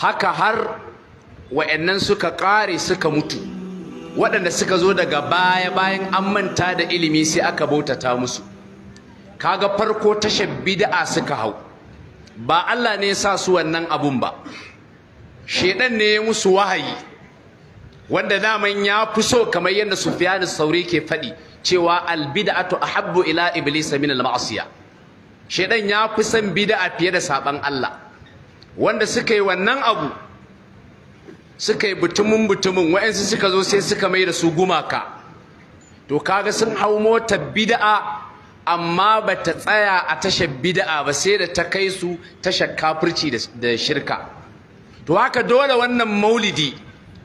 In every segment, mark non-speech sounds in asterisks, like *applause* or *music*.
haka har wa'annan suka ƙare suka mutu waɗanda suka zo daga baya bayan an manta da ilimi sai aka bautata musu kaga farko tashar bidaa suka hau ba Allah ne ya sa su wannan abun ba shedan ne ya musu wahayi wanda daman ya fi so kamar yadda sufiyan Sauri ke faɗi cewa albid'atu ahabbu ila iblisa min al-ma'siyah shedan ya fi son bidaa fiye da saban Allah wanda suka yi wannan abu suka yi butumin butumin wa'ansu suka zo sai suka mai da su gumaka to kaga sun hau motar bid'a amma ba ta tsaya a tashar bida'a ba sai da ta kai su tashar kafirci da shirka to haka dole wannan maulidi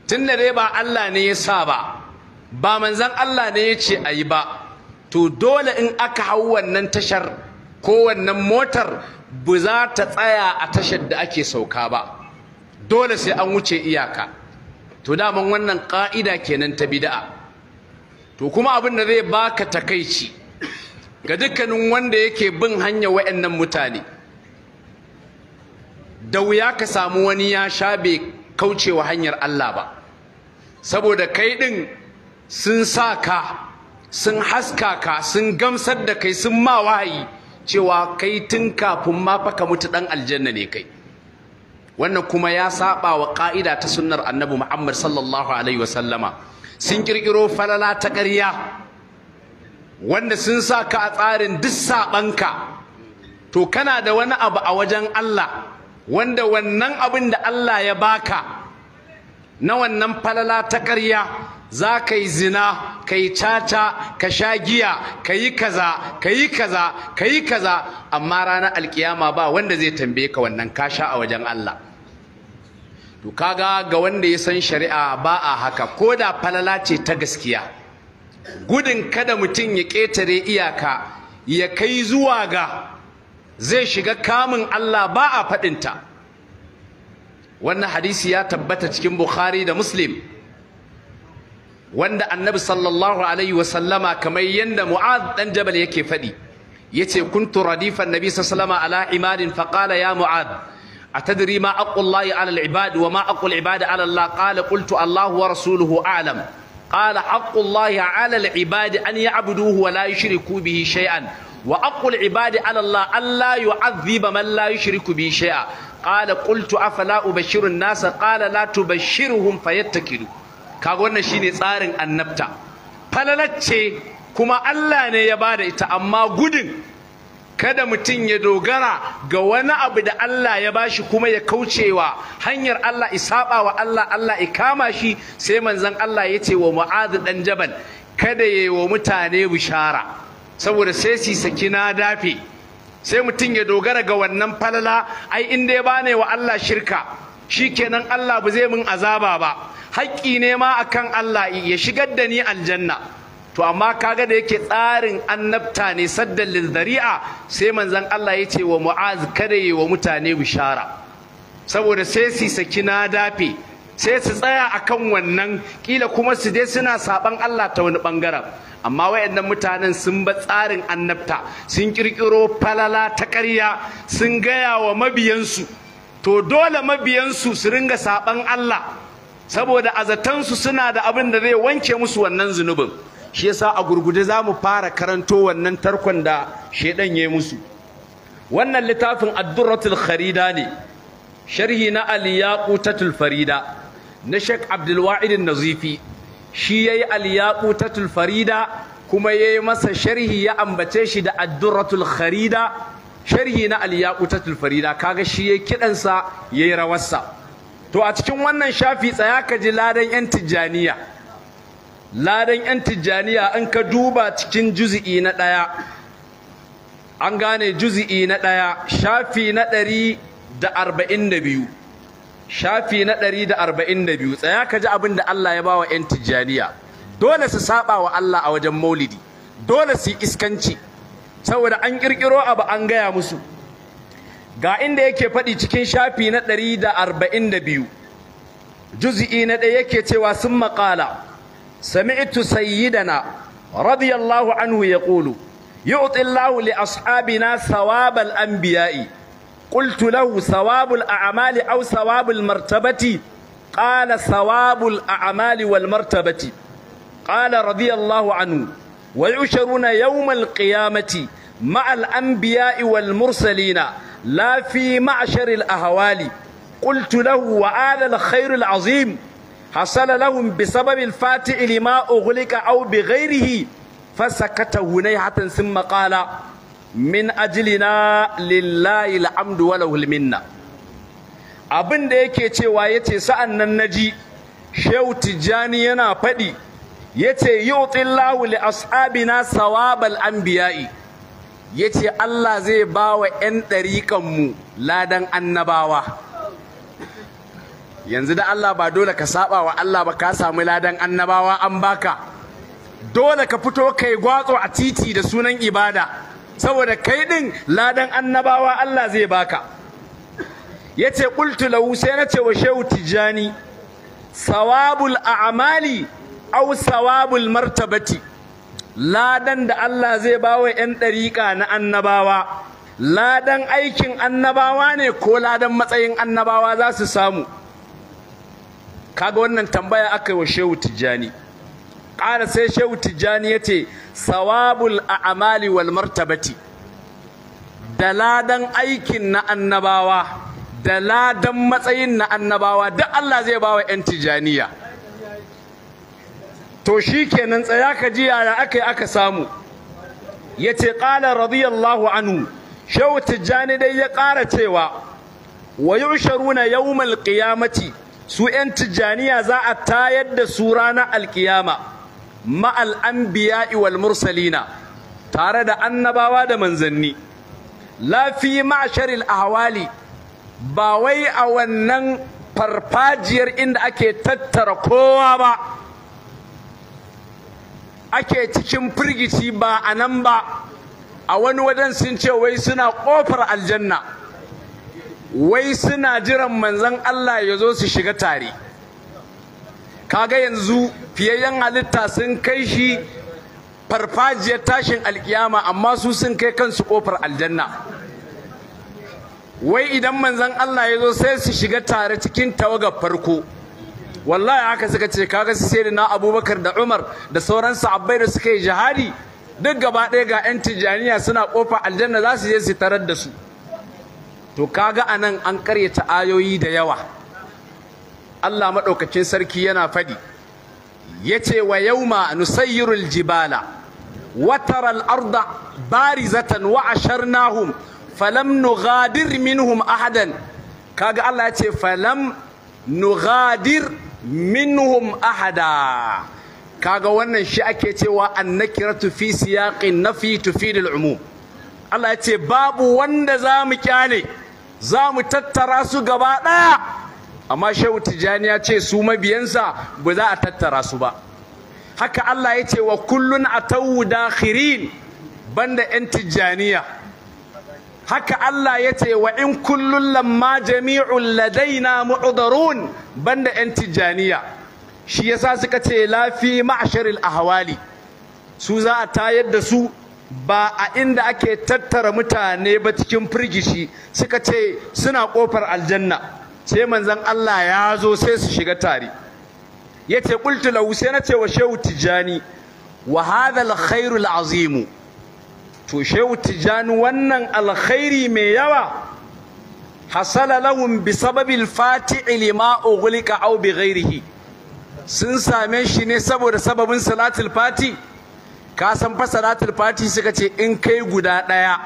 tun da dai ba Allah ne ya sa ba ba manzan Allah ne ya ce a yi ba to dole in aka hau wannan tashar ko wannan motar ba za ta tsaya a tashar da ake sauka ba dole sai an wuce iyaka to daman wannan ƙa'ida kenan ta bida'a to kuma abin da zai baka takaici ga dukkanin wanda yake bin hanya wa'annan mutane da wuya ka samu wani ya sha bai kaucewa hanyar Allah ba saboda kai ɗin sun sa ka sun haska ka sun gamsar da kai sun ma wahayi cewa kai tun kafin ma fa ka mutu dan aljanna ne kai wannan kuma ya saba wa ka'ida ta sunnar annabi Muhammad sallallahu alaihi wa sallama sun kirkiro falala ta ƙarya wanda sun sa ka a tsarin duk sabanka to kana da wani abu a wajen Allah wanda wannan abin da Allah ya baka na wannan falala ta ƙarya za ka yi zina ka yi caca ka sha giya ka yi kaza ka yi kaza ka yi kaza amma ranar alkiyama ba wanda zai tambaye ka wannan ka sha a wajen Allah to kaga ga wanda ya san shari'a ba a haka ko da falala ce ta gaskiya gudun kada mutum ya ƙetare iyaka ya kai zuwa ga zai shiga kamun Allah ba a faɗinta wannan hadisi ya tabbata cikin Bukhari da Muslim wanda annabi sallallahu alaihi wasallama kamar yadda mu'ad dan jabal yake fadi yace kuntu radifan nabi sallallahu alaihi wasallama ala imadin ya mu'ad atadri ma aqul lahi ala al-ibad wa ma aqul al-ibad ala allah qala qultu allah wa rasuluhu a'lam qala aqul lahi ala al-ibad an ya'buduhu wa la yushriku bihi shay'an wa aqul al-ibad ala allah an la yu'adhiba man la yushriku bihi shay'an qala qultu afala latu an-nas qala la tubashiruhum fayattakilu kaga wannan shine tsarin annabta falalacce kuma Allah ne ya bada ita amma gudun kada mutum ya dogara ga wani abu da Allah ya bashi kuma ya kaucewa hanyar Allah isaba wa Allah Allah kama shi sai manzon Allah ya ce wa Mu'adh dan Jabal kada yayi wa mutane bishara saboda sai su saki na dafe sai mutum ya dogara ga wannan falala ai inda ya bane wa Allah shirka shi shikenan Allah ba zai mun azaba ba haƙƙi ne ma a kan Allah ya shigar da ni aljanna to amma kaga da yake tsarin annabta ne saddan lizari'a sai manzon Allah ya ce wa mu'az kada yi wa mutane bishara saboda sai su saki na dafe sai su tsaya a kan wannan ƙila kuma su dai suna saɓan Allah ta wani ɓangaren amma wayannan mutanen sun ba tsarin annabta sun ƙirƙiro falala ta ƙarya sun gaya wa mabiyansu to dole mabiyansu su ringa saɓan Allah saboda azatansu suna da abin da zai wanke musu wannan zunubin shi yasa a gurgude za mu fara karanto wannan tarkon da shaidan ya musu wannan littafin addurratul kharida ne sharhi na aliyaqutatul farida na Sheikh Abdul Wa'id nazifi shi yayi aliyaqutatul farida kuma yayi masa sharhi ya ambace shi da addurratul kharida sharhi na aliyaqutatul farida kaga shi yayi kidansa yayi rawarsa to a cikin wannan shafi tsaya ka ji ladan yan tijjaniya ladan yan tijjaniya in ka duba cikin juzi'i na ɗaya an gane juzi'i na ɗaya shafi na ɗari da arba'in da biyu shafi na ɗari da arba'in da biyu tsaya ka ji abin da Allah ya bawa yan tijjaniya dole su saba wa Allah a wajen maulidi dole su yi iskanci saboda an ƙirƙiro abu an gaya musu ga inda yake faɗi cikin shafi na ɗari da arba'in da biyu juzi'i na ɗaya yake cewa sun maƙala sami'tu sayyidana radiyallahu anhu ya ƙulu yi Allahu li ashabina sawabal anbiya'i qultu lahu sawabul a'mali aw sawabul martabati qala sawabul a'mali wal martabati qala radiyallahu anhu wa yusharuna yawmal qiyamati ma'al anbiya'i wal mursalina la fi ma'sharil ahwali qultu lahu wa ala al khairul azim hasala lahum bisabab al fati'i lima ughliqa aw bighairihi fasakata hunayhatan thumma qala min ajilina lillahi alhamdu wa lahul abin da yake cewa yace sa'an nan ji, shehu tijjani yana faɗi yace yu'tillahu li ashabina sawabal anbiya'i ya ce Allah zai ba wa 'yan ɗariƙanmu ladan annabawa yanzu da Allah ba dole ka saba wa Allah ba ka sami ladan annabawa an baka dole ka fito kai gwatso a titi da sunan ibada saboda kai din ladan annabawa Allah zai baka yace ƙultu lahu sai na ce wa shehu Tijjani sawabul a'mali au sawabul martabati ladan da Allah zai bawa 'yan ɗariƙa na annabawa ladan aikin annabawa ne ko ladan matsayin annabawa za su samu kaga wannan tambaya aka yi wa shehu tijjani ƙara sai shehu tijjani ya ce sawabul a'amali wal martabati da ladan aikin na annabawa da ladan matsayin na annabawa duk Allah zai bawa 'yan tijjaniya to shi kenan tsaya ka ji yaya aka yi aka samu ya ce ƙala radiyallahu anhu shehu tijjani dai ya ƙara cewa wa yusharuna yawmal qiyamati su 'yan tijjaniya za a tayar da su ranar alƙiyama ma'al anbiya'i wal mursalina tare da annabawa da manzanni la Ma'asharil ahwali ba wai a wannan farfajiyar inda ake tattara kowa ba ake cikin firgici ba a nan ba a wani wajen sun ce wai suna ƙofar aljanna wai suna jiran manzan Allah ya zo su shiga tare kaga yanzu fiyayyen halitta sun kai shi farfajiyar tashin alkiyama amma su sun kai kansu ƙofar aljanna wai idan manzon Allah ya zo sai su shiga tare cikin tawagar farko wallahi haka suka ce kaga su sai na abubakar da umar da sauran sahabbai da suka yi jihadi duk gaba ɗaya ga 'yan tijjaniya suna ƙofa aljanna za su je su tarar da su to kaga anan an karyata ayoyi da yawa Allah maɗaukacin sarki yana faɗi ya ce wa yauma nusayyirul jibala watara arda barizatan wa asharnahum falam nughadir minhum ahadan kaga Allah yace falam nughadir minhum ahada kaga wannan shi ake cewa annakiratu fi siyaqin nafi tufid al-umum Allah ya ce babu wanda za mu kyale za mu tattara su gaba ɗaya amma shehu tijani ya ce su mabiyansa ba za a tattara su ba haka Allah ya ce wa kullun atawu dakhirin banda yan tijjaniya haka Allah ya ce wa in kullun lamma jami'un ladaina mu'darun banda yan tijaniya shi yasa suka ce lafi ma'sharil ahwali su za a tayar da su ba a inda ake tattara mutane ba cikin firgishi suka ce suna kofar aljanna sai manzon Allah ya zo sai su shiga tare yace qultu lahu sai na ce wa shehu tijani wa hadha al-khairul azimu to shehu tijani wannan alkhairi mai yawa hasala lahum bi sababil fati'i lima ughliqa aw bi ghairihi sun same shi ne saboda sababin salatul fati ka san fa salatul fati suka ce in kai guda daya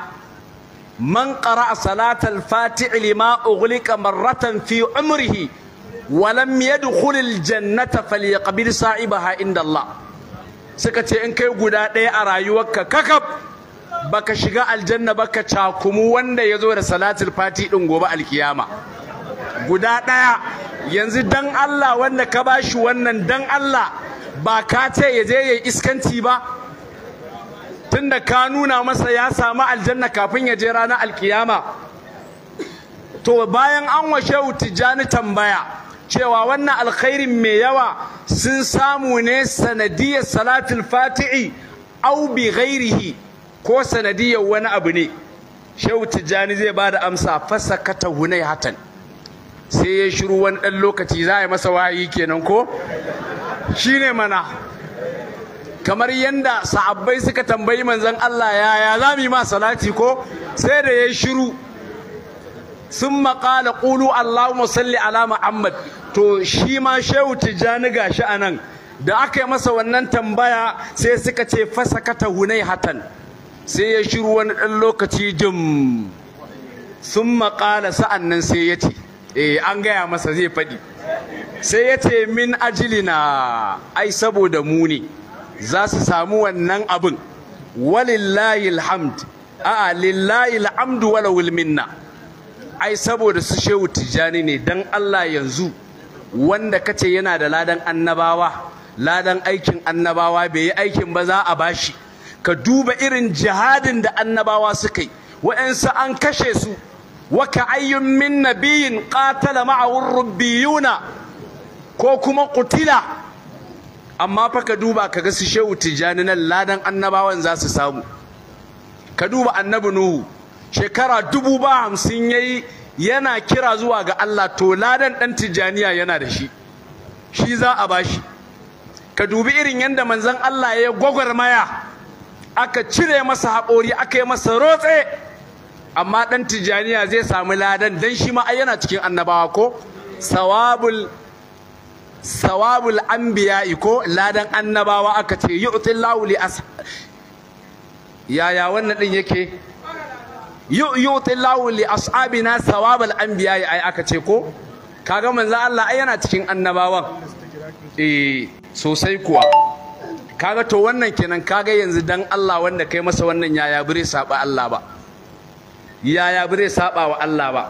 man qara'a salatul fati'i lima ughliqa marratan fi umrihi wa lam yadkhul al jannata falyaqbil sa'ibaha inda Allah suka ce in kai guda daya a rayuwarka kakab baka shiga aljanna ba cakumu wanda ya zo da salatul fati ɗin gobe alkiyama guda ɗaya yanzu dan Allah wanda ka bashi wannan dan Allah ba ka ce ya je ya iskanci ba tunda ka nuna masa ya samu aljanna kafin ya je ranar alkiyama to bayan an washe tijjani tambaya cewa wannan alkhairin mai yawa sun samu ne sanadiyar salatul fati'i au bi ghairihi ko sanadiyar wani abu ne shehu tijjani zai ba da amsa fasa kata hunai hatan sai ya shiru wani ɗan lokaci za a yi masa wayi kenan ko shi ne mana kamar yadda sa'abbai suka tambayi manzon Allah ya za mu yi ma salati ko sai da ya shiru sun maƙala ƙulu Allahumma salli ala Muhammad to shi ma shehu tijjani ga a nan da aka yi masa wannan tambaya sai suka ce fasa kata hunai hatan sai ya shiru wani ɗan lokaci jim sun maƙala sa'an nan sai ya ce eh an gaya masa zai faɗi sai ya ce min ajilina ai saboda mu ne za su samu wannan abin walillahi alhamd a'a lillahi alhamdu wala wulminna ai saboda su shehu tijjani ne don Allah yanzu wanda kace yana da ladan annabawa ladan aikin annabawa bai yi aikin ba za a bashi ka duba irin jihadin da annabawa suka yi wa'ansu an kashe su wa ka ayyun min nabiyin qatala ma'ahu rubbiyuna ko kuma kutila. amma fa ka duba ka ga su shehu tijani nan ladan annabawan za su samu ka duba annabi nuhu shekara dubu ba hamsin yayi yana kira zuwa ga Allah to ladan ɗan Tijjaniya yana da shi shi za a bashi ka dubi irin yadda manzon Allah ya gwagwarmaya aka cire masa haƙori aka yi masa rotse amma ɗan tijjaniya zai samu ladan don shi ma yana cikin annabawa ko sawabul sawabul anbiya'i ko ladan annabawa aka ce yu'ti lawuli li yaya wannan ɗin yake yu'ti Allahu li ashabina sawabul yi ai aka ce ko kaga manzo Allah ai yana cikin annabawan eh sosai kuwa kaga to wannan kenan kaga yanzu dan Allah wanda kai masa wannan yaya bire saba Allah ba yaya bire saba wa Allah ba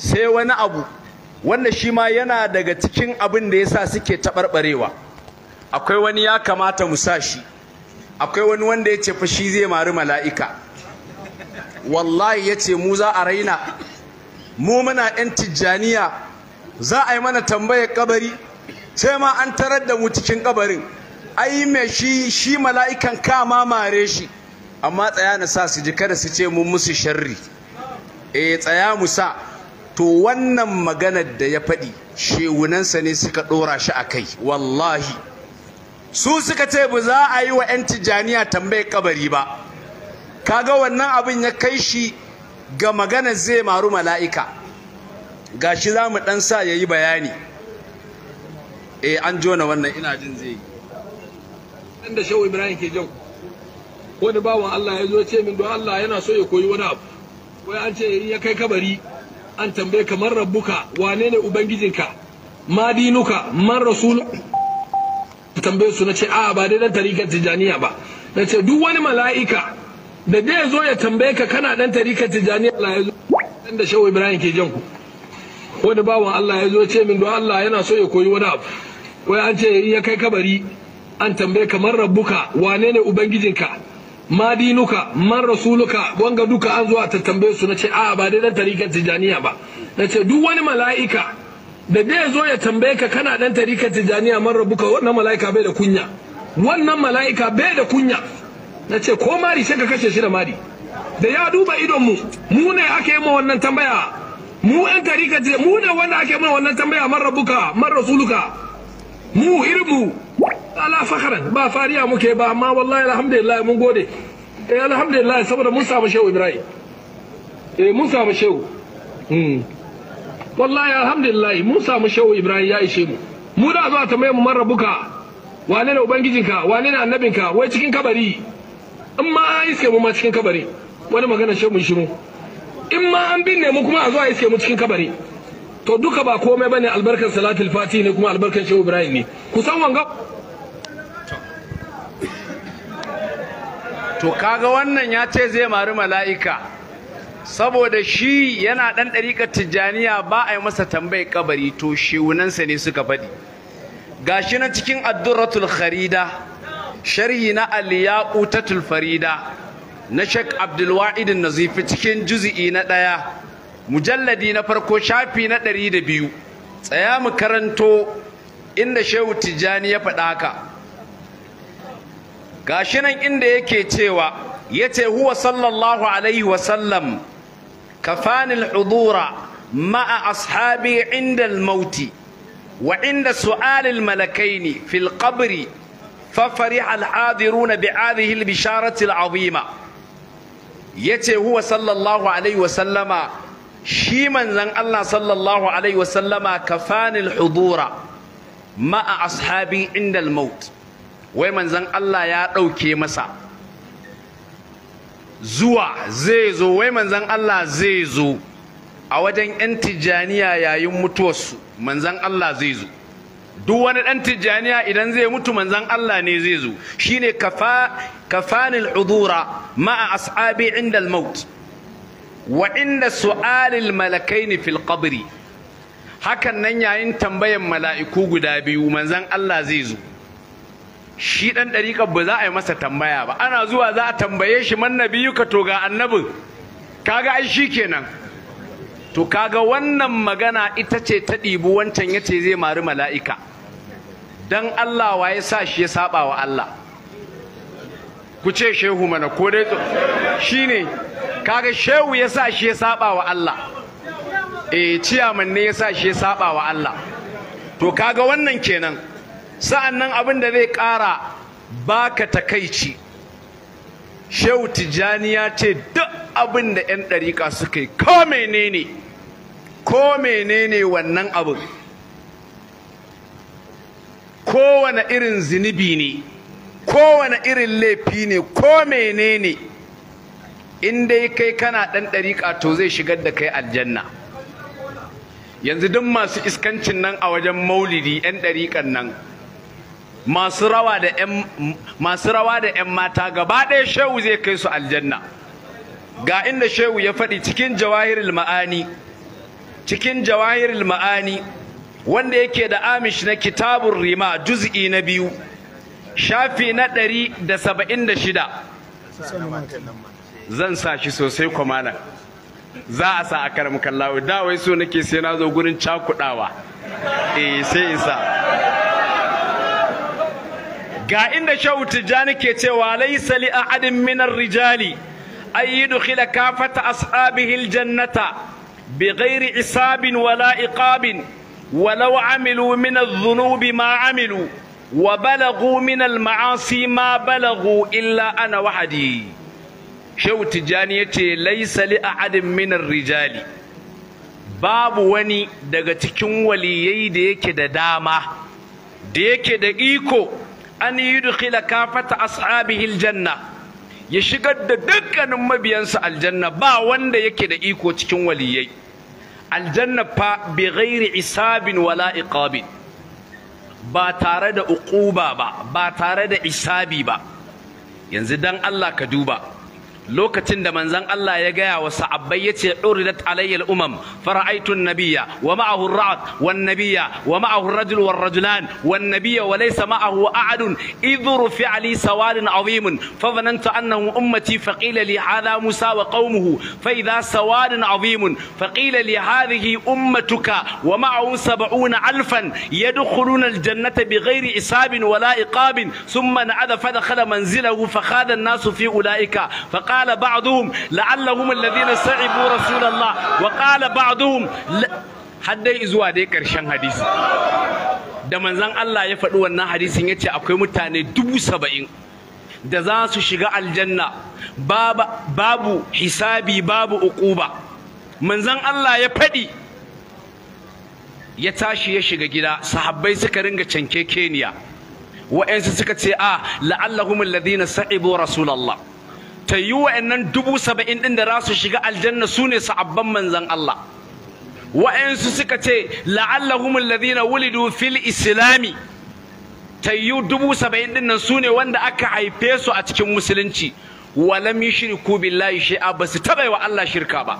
sai wani abu wanda shi ma yana daga cikin abin da yasa suke taɓarɓarewa akwai wani ya kamata mu sa shi akwai wani wanda ya ce fa shi zai mari mala'ika wallahi ya ce mu za a raina mu muna 'yan tijjaniya za a yi mana tambayar kabari sai ma an tarar da mu cikin kabarin ai me shi shi mala'ikan ka mamare shi amma tsaya na sa su ji kada su ce mun musu sharri eh tsaya mu sa to wannan maganar da ya faɗi shewunansa ne suka ɗora shi a kai wallahi su suka ce ba za a yi wa 'yan tijaniya tambayar kabari ba kaga wannan abin ya kai shi ga maganar zai maru mala'ika gashi za mu ɗan sa ya yi bayani eh an jona wannan ina jin zai yi inda shehu ibrahim ke jau wani bawan allah ya zo ce min don allah yana so ya koyi wani abu wai an ce ya kai kabari an tambaye kamar rabbuka wane ne ubangijinka ma dinuka man rasul tambaye su na ce a ba dai dan tarikar tijaniya ba na ce duk wani mala'ika da dai zo ya tambaye ka kana dan tarikar tijaniya Allah ya zo dan da shehu ibrahim ke jan wani bawan allah ya zo ce min don allah yana so ya koyi wani abu wai an ce ya kai kabari an tambaye ka man rabbuka wane ne ubangijinka madinuka dinuka man rasuluka wanga duka an zuwa ta tambaye su nace a'a ba dai dan tarikan tijaniya ba nace duk wani mala'ika da dai zo ya tambaye ka kana dan tarikan tijaniya man rabbuka wannan mala'ika bai da kunya wannan mala'ika bai da kunya nace ko mari sai ka kashe shi da mari da ya duba idon mu mu ne ake yi ma wannan tambaya mu yan tarika mu ne wanda ake mana wannan tambaya man rabbuka man rasuluka mu irin mu ala fakaran ba fariya muke ba amma wallahi alhamdulillah mun gode eh alhamdulillah saboda mun samu shehu ibrahim eh mun samu shehu hmm wallahi alhamdulillah mun samu shehu ibrahim ya ishe mu mu da zuwa ta mai mu marabuka wane ne ubangijinka wane ne annabinka wai cikin kabari in ma an iske mu ma cikin kabari wani magana shehu mun shiru in ma an binne mu kuma a zuwa iske mu cikin kabari to duka ba komai bane albarkar salatul fati ne kuma albarkar shehu ibrahim ne ku san wanga to kaga wannan ya ce zai mari mala'ika saboda shi yana ɗan ɗariƙar tijjaniya ba a yi masa tambayi kabari to shewunansa ne suka faɗi Ga shi na cikin addurratul kharida sharhi na ƙutatul farida na shek Abdul na Nazifi cikin juzi'i na ɗaya mujalladi na farko shafi na ɗari da biyu tsaya mu karanto inda Shehu Tijjani ya faɗa haka gashi nan inda yake cewa yace huwa sallallahu alaihi wa sallam kafani al-hudura ma'a ashabi inda mauti wa inda su'al al-malakaini fi al-qabr ففرح الحاضرون بهذه البشارة العظيمة yace huwa sallallahu alaihi wasallama shi manzon Allah sallallahu alaihi wasallama kafanil hudura ma'a ashabi inda mauti. wai manzon Allah ya ɗauke masa zuwa zai zo wai manzon Allah zai zo a wajen 'yan tijjaniya yayin mutuwarsu manzon Allah zai zo duk wani ɗan tijjaniya idan zai mutu manzon Allah ne zai zo shine kafa kafanil udura ma'a ashabi inda al-maut wa inda su'alil malakaini fil qabri hakan nan yayin tambayan mala'iku guda biyu manzan Allah zai zo shi ɗan ɗariƙar ba za a yi masa tambaya ba ana zuwa za a tambaye shi man nabiyuka to ga annabin kaga ai shi kenan to kaga wannan magana ita ce ta ɗibu wancan ya ce zai mari mala'ika don Allah wa ya sa shi ya saba wa Allah ku ce shehu mana ko dai shi ne kaga shehu ya sa shi ya saba wa Allah eh ciyaman ne ya sa shi ya saba wa Allah to kaga wannan kenan sa'annan abin da zai ƙara ba baka takaici shehu tijjani ya ce duk abin da 'yan ɗariƙa suka yi ko menene ko menene wannan abin kowane irin zunubi ne kowane irin laifi ne ko menene in dai kai kana ɗan ɗariƙa to zai shigar da kai aljanna yanzu duk masu iskancin nan a wajen maulidi 'yan ɗariƙan nan masu rawa da 'yan mata gaba ɗaya shehu zai kai su aljanna ga inda shehu ya faɗi cikin jawahirul ma'ani cikin jawahirul ma'ani wanda yake da amish na kitabun rima juz'i na biyu shafi na ɗari da saba'in da shida zan sa shi sosai kwamana za a sa a karam kallawa da wai so nake sai na zo gurin cakuɗawa eh sai in sa ga inda shehu tijjani ke cewa laisa li ahadin minar rijali an yudkhila kafata ashabihi aljannata بغير isabin ولا عقاب ولو عملوا من الذنوب ما عملوا وبلغوا من المعاصي ما بلغوا إلا أنا وحدي شو تجاني ليس لأحد من الرجال باب وني daga cikin waliyai da yake da dama da yake da iko an dukila kafata ashabihi janna ya shigar da dukkanin mabiyansa aljanna ba wanda yake da iko cikin waliyai aljanna fa bi ghairi isabin wala iqabin ba tare da uquba ba ba tare da isabi ba yanzu dan Allah ka duba lokacin da manzon Allah ya gaya wa sahabbai yace uridat alayya al-umam fara'aytu an-nabiyya wa ma'ahu ar wan-nabiyya wa ma'ahu rajul war-rajulan wan-nabiyya wa laysa ma'ahu ahadun idh rufi'a sawalin 'azim fa dhanantu annahu ummati fa qila li hadha Musa wa qaumuhu fa idha sawalin 'azim fa qila li hadhihi ummatuka wa ma'ahu 70 alfan yadkhuluna al-jannata bighayri isabin wala ikabin iqabin thumma na'ada fa dakhala manzilahu fa khada an-nasu fi ulaika fa وقال بعضهم لعلهم الذين سعبوا رسول الله وقال بعضهم haddai zuwa dai ƙarshen hadisi da manzan Allah ya faɗi wannan hadisin ya ce akwai mutane dubu saba'in da za su shiga aljanna babu hisabi babu uquba manzan Allah ya faɗi ya tashi ya shiga gida sahabbai suka ringa cankekeniya wa'yansu suka ce a ah, la'allahum alladhina sa'ibu rasulallah ta yi wa'annan dubu saba'in ɗin da za su shiga aljanna su ne sa'abban manzan Allah wa'ansu suka ce la'allahum ladina wulidu fil islami ta yi dubu saba'in ɗin nan su ne wanda aka haife su a cikin musulunci walam yushriku billahi shay'a ba su taɓa wa Allah shirka ba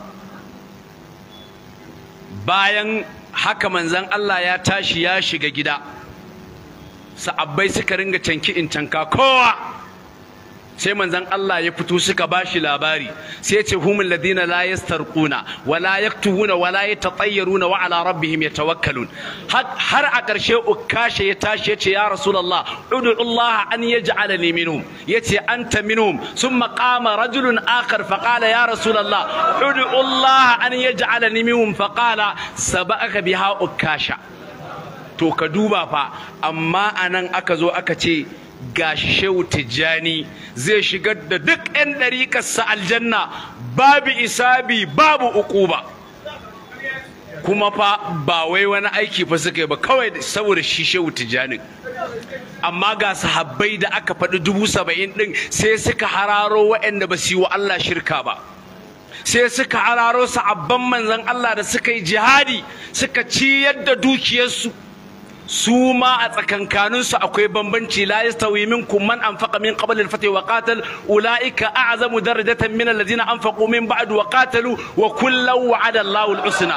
bayan haka manzan Allah ya tashi ya shiga gida sa'abbai suka ringa canki in canka kowa sai Manzan Allah ya fito suka bashi labari sai ce humul ladina la yastarquna wa la na wa la yatatayyaruna wa ala rabbihim yatawakkalun har a ƙarshe ukashe ya tashi ya ce ya rasulullah ud'u Allah an yaj'alani minhum yace anta minhum thumma qama rajulun akhar faqala ya rasulullah ud'u Allah an yaj'alani minhum faqala sabaka biha ukasha to ka duba fa amma anan aka zo aka ce Ga shehu tijjani zai shigar da duk 'yan ɗariƙarsa aljanna babu isabi babu ba kuma fa ba wai wani aiki fa suka yi ba kawai saboda shi shehu tijjani amma ga sahabbai da aka faɗi dubu saba'in ɗin sai suka hararo waɗanda ba su yi wa Allah shirka ba sai suka hararo sa'abban manzan Allah da suka yi jihadi suka ciyar da dukiyarsu su ma a tsakankaninsu akwai bambanci la yastawi minkum man anfaqa min qabl al-fath wa qatal ulaika a'zamu darajatan min alladhina anfaqu min ba'd wa qatalu wa kullu wa'ada Allahu al-husna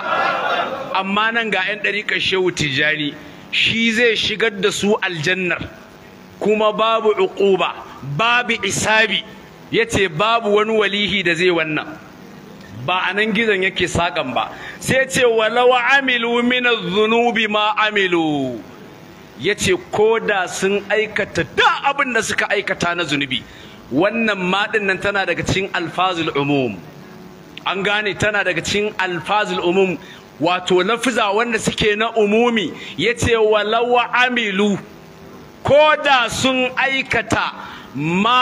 amma nan ga yan dariƙar shehu tijani shi zai shigar da su aljannar kuma babu uquba babu isabi yace babu wani walihi da zai wannan ba a nan gizon yake sakan ba sai ce walau amilu min zunubi ma amilu ya ce ko da sun aikata da abin da suka aikata na zunubi wannan ma nan tana daga cikin alfazul umum an gane tana daga cikin alfazul umum wato lafiza wanda suke na umumi ya yace walau amilu ko da sun aikata ma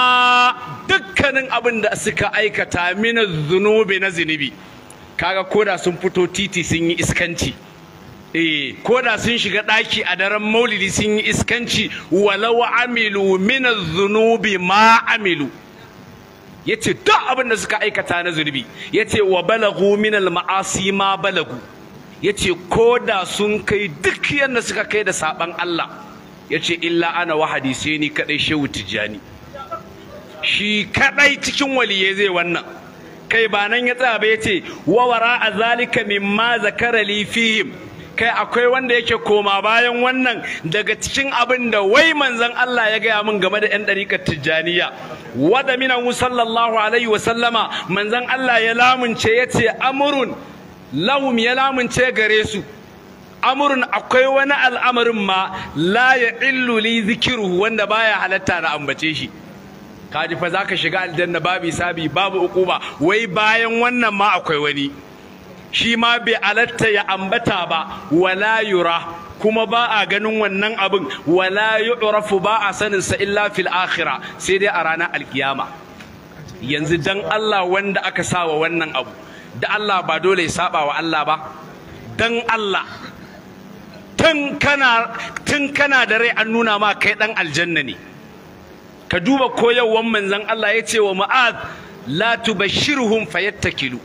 dukkanin abin da suka aikata min zunubi na zunubi kaga koda sun fito titi sun yi iskanci eh koda sun shiga daki a daren maulidi sun yi iskanci walau amilu min zunubi ma amilu yace duk abin da suka aikata na zunubi yace wa balagu min al-ma'asi ma balagu yace koda sun kai duk yanda suka kai da saban Allah yace illa ana wahadi sai ni kadai shehu tijani shi kadai cikin waliye zai wannan kai ba nan ya tsaba ya yace wa wara azalika mimma zakara lifihim kai akwai wanda yake koma bayan wannan daga cikin abin da wai manzon Allah ya gaya min game da yan ɗarikar tijjaniya wada minahu sallallahu alaihi wa sallama manzon Allah ya lamunce ce amrun lahum ya lamunce gare su amurin akwai wani al'amarin ma la ya illu zikiru wanda baya halatta na ambace shi kaji fa zaka shiga aljanna babu sabi babu ukuba wai bayan wannan ma akwai wani shi ma bai alatta ya ambata ba wala yura kuma ba a ganin wannan abin wala yu'rafu ba a sanin sa illa fil akhirah sai dai a ranar alkiyama yanzu dan Allah wanda aka sawa wannan abu da Allah ba dole ya saba wa Allah ba dan Allah tun kana tun kana da rai an nuna ma kai dan aljanna ne ka duba koyarwar manzon Allah ya ce wa ma'ad la tubashshirhum fayattakilu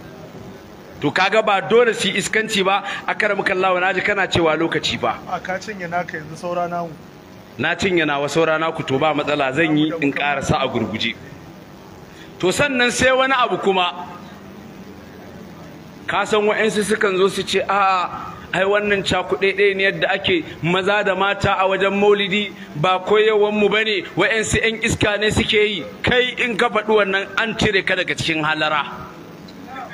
to kaga ba dole su iskanci ba akaramaka Allah na ji kana cewa lokaci ba a ka cinye naka yanzu saura na cinye nawa saura ku to ba matsala zan yi in karasa a gurguje to sannan sai wani abu kuma ka san wa'ansu sukan zo su ce a ai wannan cakuɗe ne yadda ake maza da mata a wajen maulidi ba koyarwanmu mu bane wa'yansu 'yan iska ne suke yi kai in ka faɗi wannan an cire ka daga cikin halara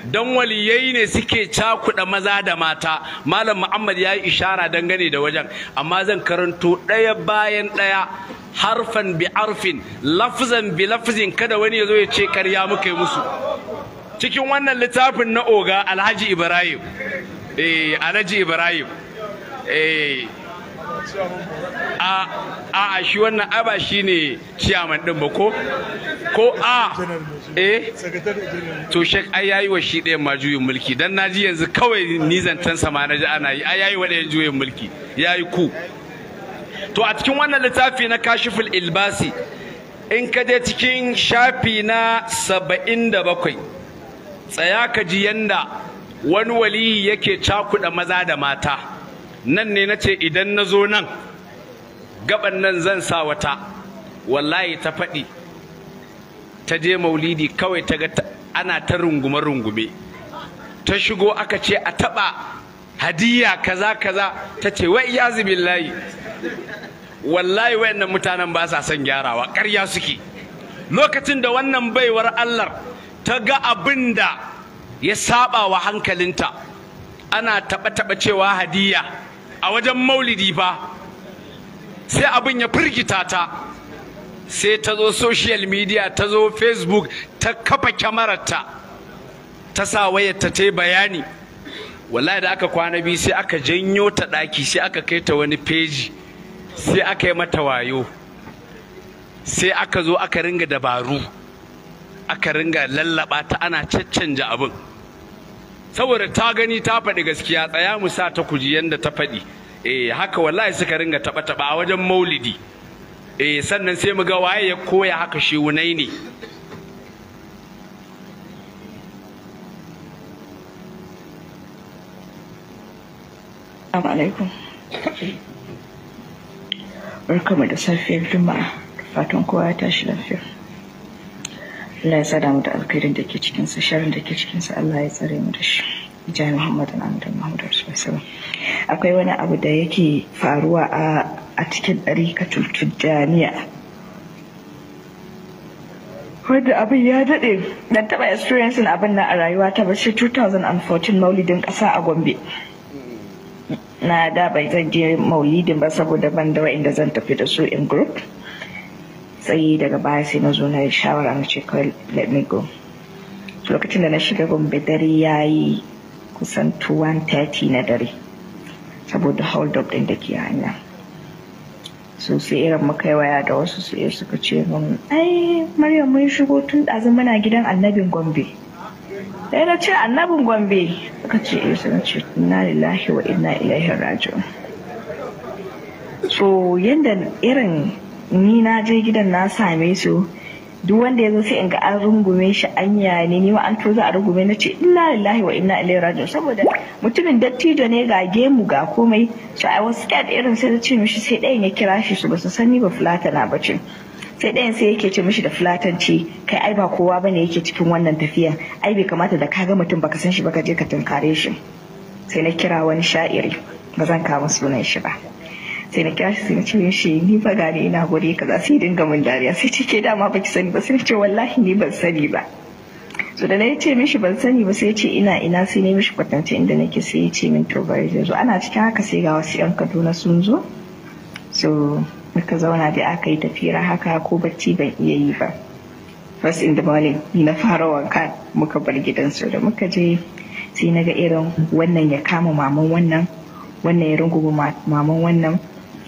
don waliyai ne suke cakuɗa maza da mata malam muhammad ya yi ishara dangane da wajen amma zan karanto ɗaya bayan ɗaya harfan bi arfin lafzan bi lafzin kada wani ya zo ya ce karya muka yi musu cikin wannan littafin na oga alhaji ibrahim eh alhaji ibrahim eh, a a shi wannan aba shi ne ciyaman din ba ko ko a eh to shek ai yayi wa shi ɗayan ma juyin mulki dan naji yanzu kawai nizantan sama na ji ana yi ai yayi wa ɗayan juyin mulki yayi ku to a cikin wannan littafi na kashiful ilbasi in ka je cikin shafi na saba'in da bakwai tsaya ka ji yanda wani waliyi yake cakuɗa maza da mata nan ne na ce idan na zo nan gaban nan zan sa wata wallahi ta faɗi ta je maulidi kawai ta ga ana ta rungume-rungume ta shigo aka ce a taɓa hadiya kaza kaza ta ce wai ya zibillahi wallahi wayannan mutanen ba sa son gyarawa ƙarya suke lokacin da wannan baiwar Allah ta ga abin da ya saba wa hankalinta ana taɓa-taɓa cewa hadiya a wajen maulidi ba sai abin ya firgita ta sai ta zo social media ta zo facebook ta kafa kyamararta ta sa wayarta ta yi bayani wallahi da aka kwana biyu sai aka janyo ta ɗaki sai aka kai ta wani feji sai aka yi mata wayo sai aka zo aka ringa dabaru aka ringa lallaba ta ana caccanja abin saboda ta gani ta faɗi gaskiya tsaya mu sa ta kuji yadda ta faɗi eh haka wallahi suka ringa taba taba a wajen maulidi eh sannan sai mu ga waye ya koya haka shi wunai ne alaikum. Barkamu da safiyar Juma'a. Fatan kowa ya tashi lafiya. Allah ya sada mu da alkhairin da ke cikin sa sharrin da ke cikin sa Allah ya tsare mu da shi jami Muhammad na Muhammad Muhammad Rasulullah akwai wani abu da yake faruwa a a cikin tuntun jami'a wanda abin ya daɗe dan taɓa experiencing abin nan a rayuwa ta bashi 2014 maulidin ƙasa a gombe na da bai zan je maulidin ba saboda ban da wa'inda zan tafi da su in group tsayi daga baya sai na zo na yi shawara na ce kawai let me go lokacin da na shiga gombe dare ya yi kusan 2:30 na dare saboda hold up din da ke hanya so sai irin muka yi waya da wasu su suka ce mun ai maryam mun shigo tun ɗazu muna gidan annabin gombe sai na ce annabin gombe suka ce eh sai na ce inna lillahi wa inna ilaihi raji'un so yanda irin ni na je gidan na same su duk wanda ya zo sai in ga an rungume shi an yane ni ma an to za a rungume na ce inna lillahi wa inna ilaihi raji'un saboda mutumin dattijo ne ga gemu ga komai so i was scared irin sai da ce mishi sai ɗayan ya kira shi su basu sani ba fulatana ba ce sai ɗayan sai yake ce mishi da fulatanci kai ai ba kowa bane yake cikin wannan tafiya ai bai kamata da kaga mutum baka san shi baka je ka tunkare shi sai na kira wani sha'iri ba zan kama sunan shi ba sai na kira shi sai na ce shi ni fa gane ina za su yi dinga min dariya sai ce ke dama baki sani ba sai ce wallahi ni ban sani ba so da na ce mishi ban sani ba sai ce ina ina sai ne mishi kwatance inda nake sai ya ce min to bari zai zo ana cikin haka sai ga wasu yan kaduna sun zo so muka zauna da aka yi tafira haka ko bacci ban iya yi ba first in the morning na fara wanka muka bar gidan su da muka je sai na ga irin wannan ya kama maman wannan wannan ya rungu maman wannan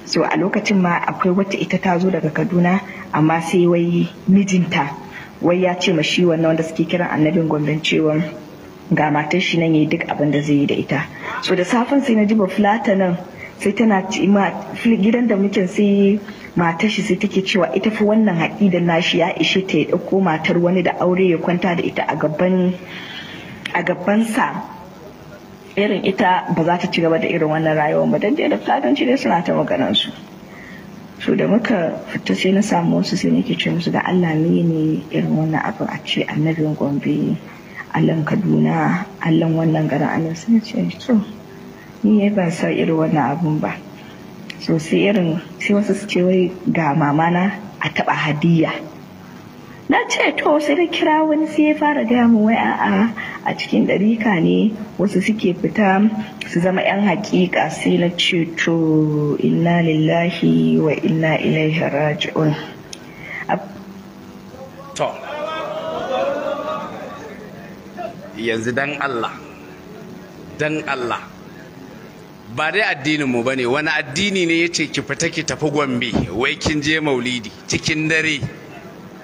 so a lokacin ma akwai wata ita ta zo daga kaduna amma sai wai mijinta wai ya ce ma shi wannan wanda suke kiran annabin gwamnan cewa ga matar shi nan yayi duk abin da zai yi da ita so da safen sai na ji ba nan sai tana gidan da muke sai matar shi sai take cewa ita fa wannan haƙidan nashi ya ishe ta ya ɗauko matar wani da aure ya kwanta da ita a gabansa irin ita ba za ta ci gaba da irin wannan rayuwar ba don jiya da fulatanci dai suna ta maganar su so da muka fita sai na samu wasu sai nake ce musu da Allah ne irin wannan abu a ce annabin Gombe Allahn Kaduna Allahn wannan garin Allah suna ce to ni ba sa irin wannan abun ba so sai irin sai wasu su ce wai ga mamana a taba hadiya na ce to sai da kira wani sai ya fara gaya mu wai a'a a cikin ɗarika ne wasu suke fita su zama 'yan haƙiƙa sai na ce to lillahi wa inna ilaihi raji'un yanzu dan Allah dan Allah ba dai addinin mu bane wani addini ne yace ki fita ki tafi Gombe wai kin je Maulidi cikin dare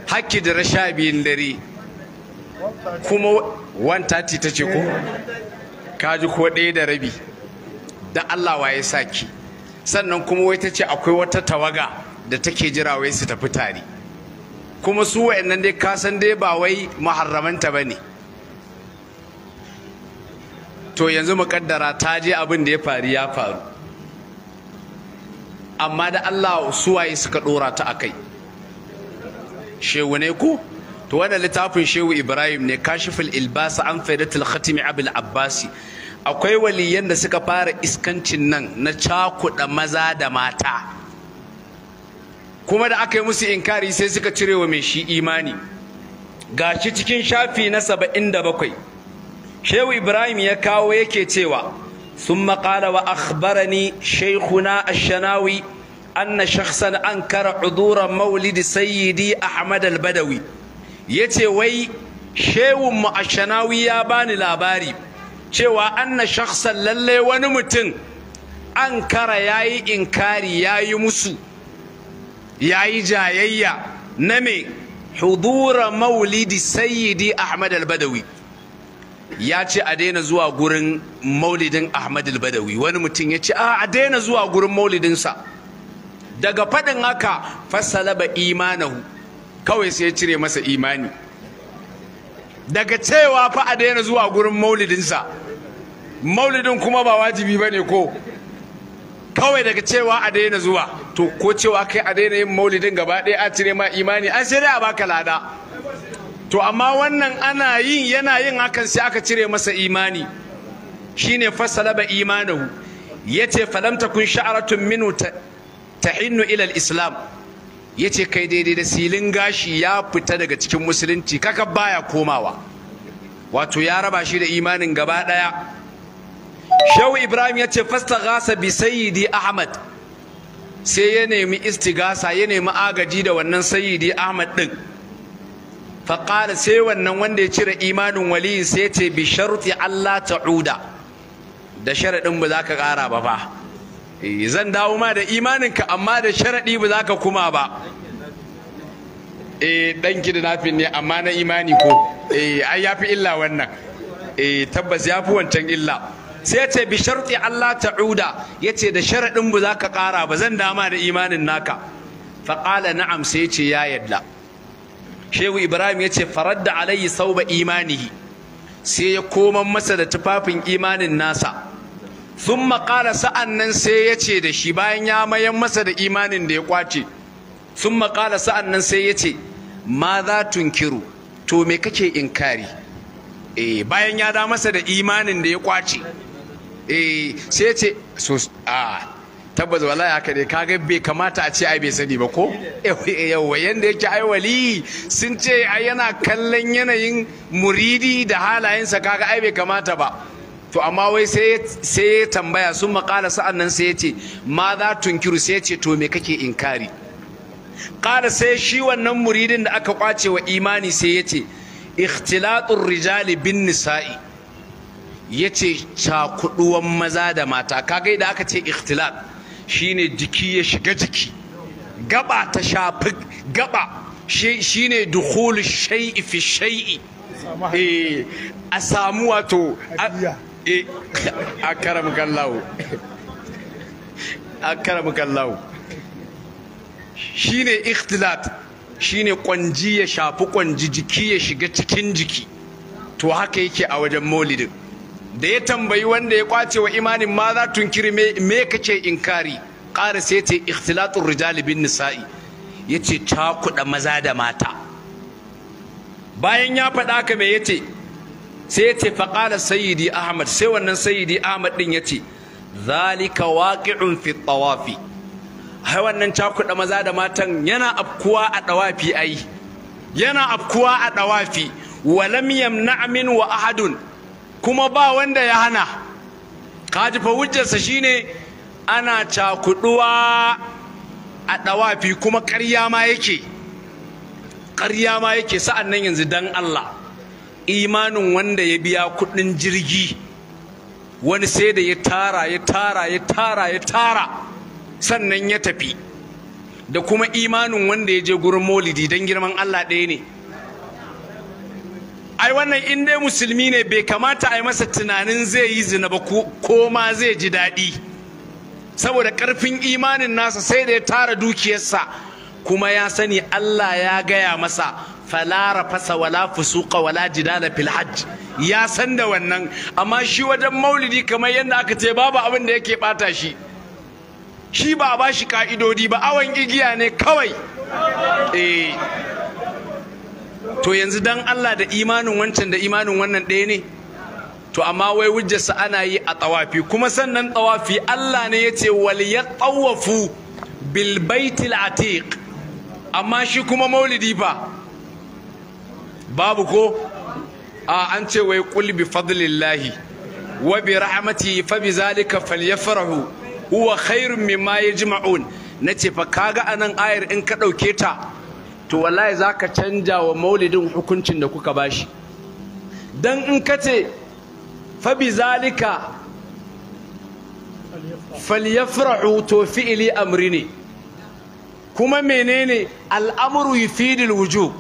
hakki da rasha biyun dare kuma 130 ta ce ko kaji ko ɗaya da rabi da Allah waye sa ki sannan kuma wai ta ce akwai wata tawaga da take jira wai su tafi tare kuma su wa'annan dai kasan dai ba wai maharramanta ba ne to yanzu muƙaddara ta je abin da ya faru ya faru amma da Allah suwaye suka ɗora ta a kai shewune ku? to wannan littafin shehu ibrahim ne kashiful ilbasa an faidatul khatimi abul abbasi akwai waliyan da suka fara iskancin nan na cakuɗa maza da mata kuma da aka yi musu inkari sai suka cire wa mai shi imani Ga shi cikin shafi na saba'in da bakwai shehu ibrahim ya kawo yake cewa sun maƙala wa akhbarani shaikhuna ashanawi anna shakhsan ankara uduran maulidi sayyidi ahmad al-badawi ya ce wai shewun shanawi ya bani labari cewa anna shakhsan lalle wani mutum an kara ya yi inkari ya yi musu ya yi jayayya na mai hudura maulidi sayyidi ahmad al-badawi ya ce a daina zuwa gurin maulidin ahmad al-badawi wani mutum ya ce a daina zuwa gurin maulidinsa daga faɗin haka fasalaba imanahu kawai sai ya cire masa imani daga cewa fa a daina zuwa gurin maulidinsa maulidin kuma ba wajibi ba ne ko kawai daga cewa a daina zuwa to ko cewa kai a daina yin maulidin gaba ɗaya a cire ma imani an sai dai a baka lada to amma wannan ana yin yana yin hakan sai aka cire masa imani shine ba imanahu yace falam takun sha'aratun minhu tahinu ila al-islam ya ce kai daidai da silin gashi ya fita daga cikin musulunci kaka baya komawa wato ya raba shi da imanin gaba ɗaya shawu ibrahim ya ce fasta gasa bi sayyidi ahmad sai ya nemi istigasa ya nemi agaji da wannan sayyidi ahmad ɗin faƙala sai wannan wanda ya cire imanin waliyin sai ce bi sharuti allah ta'uda da sharaɗin ba za ka ƙara ba fa Eh, zan dawo ma da imaninka amma da sharaɗi ba za ka kuma ba eh dan kidnapping ne amma na imani ko eh ai yafi illa wannan eh tabbas yafi wancan illa sai ya ce bi sharti Allah ta'uda ce da sharadin bu zaka ƙara ba zan dama da imanin naka fa qala na'am sai ce ya yadda shehu ibrahim ya yace faradda alayhi sauba imanihi sai ya koman masa da tufafin imanin nasa sun maƙala sa'an nan sai ya ce da shi bayan ya mayan masa da imanin da ya ƙwace sun maƙala sa'an nan sai ya ce ma za tunkiru to me kake inkari eh bayan ya da masa da imanin da ya ƙwace eh sai ya ce so a tabbas wala ya ne kaga bai kamata a ce ai bai sani ba ko *laughs* yawa yanda yake ai wali sun ce ai yana kallon yanayin muridi da halayensa kaga ai bai kamata ba to amma wai sai ya tambaya sun maƙala sa'an nan sai ya ce ma za tunkiru sai ya ce to me kake inkari ƙara sai shi wannan muridin da aka kwace wa imani sai ya ce ikhtilatun rijali bin nisa'i ya ce cakuduwan maza da mata kaga da aka ce ikhtilat shine jiki ya shiga jiki gaba ta shafi gaba shine dukhulu shay'i fi shay'i eh, a samu wato eh akaram kallahu akaram kallahu shine ikhtilat shine kwanji ya shafi kwanji jiki ya shiga cikin jiki to haka yake a wajen maulidin da ya tambayi wanda ya kwace wa imanin ma za tunkiri me kace inkari ƙara sai ce ikhtilatun rijali bin nisa'i yace kuɗa maza da mata bayan ya faɗa ka me yace sai ya ce faƙala sayidi ahmad sai wannan sayidi ahmad ɗin ya ce zalika waƙi'un fi tawafi hai wannan cakuɗa maza da matan yana afkuwa a ɗawafi ai yana afkuwa a ɗawafi walam yamna min wa ahadun kuma ba wanda ya hana kaji fa hujjarsa shine ana cakuɗuwa a ɗawafi kuma ƙarya ma yake ƙarya ma yake sa'an nan yanzu dan Allah imanin wanda ya biya kuɗin jirgi wani sai da ya tara ya tara ya tara ya tara sannan ya tafi da kuma imanin wanda ya je gurin molidi don girman Allah ɗaya ne ai wannan in dai musulmi ne bai kamata a yi masa tunanin zai yi zina ba ko ma zai ji daɗi saboda ƙarfin imanin nasa sai da ya tara dukiyarsa kuma ya sani Allah ya gaya masa fala fasa wala fusuka wala jidala fil hajj ya san da wannan amma shi wajen maulidi kamar yadda aka ce babu abin da yake bata shi shi ba a bashi ka'idodi ba awan igiya ne kawai eh to yanzu dan Allah da imanin wancan da imanin wannan ɗaya ne to amma wai wujjarsa ana yi a tsawafi kuma sannan tsawafi Allah ne yace wal yatawafu bil baitil atiq amma shi kuma maulidi fa babu ko a an ce wai qul bi fadlillahi wa bi rahmatihi fa bi zalika falyafrahu huwa khairun mimma yajma'un nace fa kaga anan ayar in ka dauke ta to wallahi zaka canja wa maulidin hukuncin da kuka bashi dan in kace fa bi zalika falyafrahu to fi'li amri ne kuma menene al'amru yufidul wujub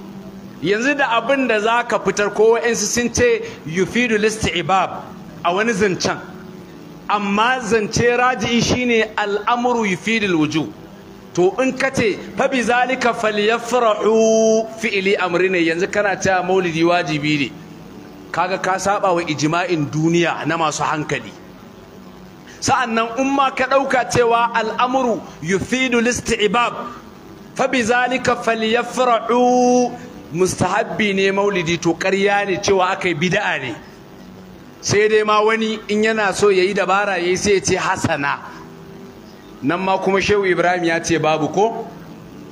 yanzu da abin da za ka fitar ko wa'insu sun ce yufidu listi'ibab a wani zancen amma zance raji'i shine al'amuru yufidul wuju to in ka ce fa zalika falyafrahu fi'li amri ne yanzu kana cewa maulidi wajibi ne kaga ka saba wa ijma'in duniya na masu hankali sa'annan umma ka ɗauka cewa al'amuru yufidu listi'ibab fa bi zalika falyafrahu mustahabbi ne maulidi to ƙarya ne cewa aka yi bida'a ne sai dai ma wani in yana so ya yi dabara ya yi sai ya ce hasana nan ma kuma shehu ibrahim ya ce babu ko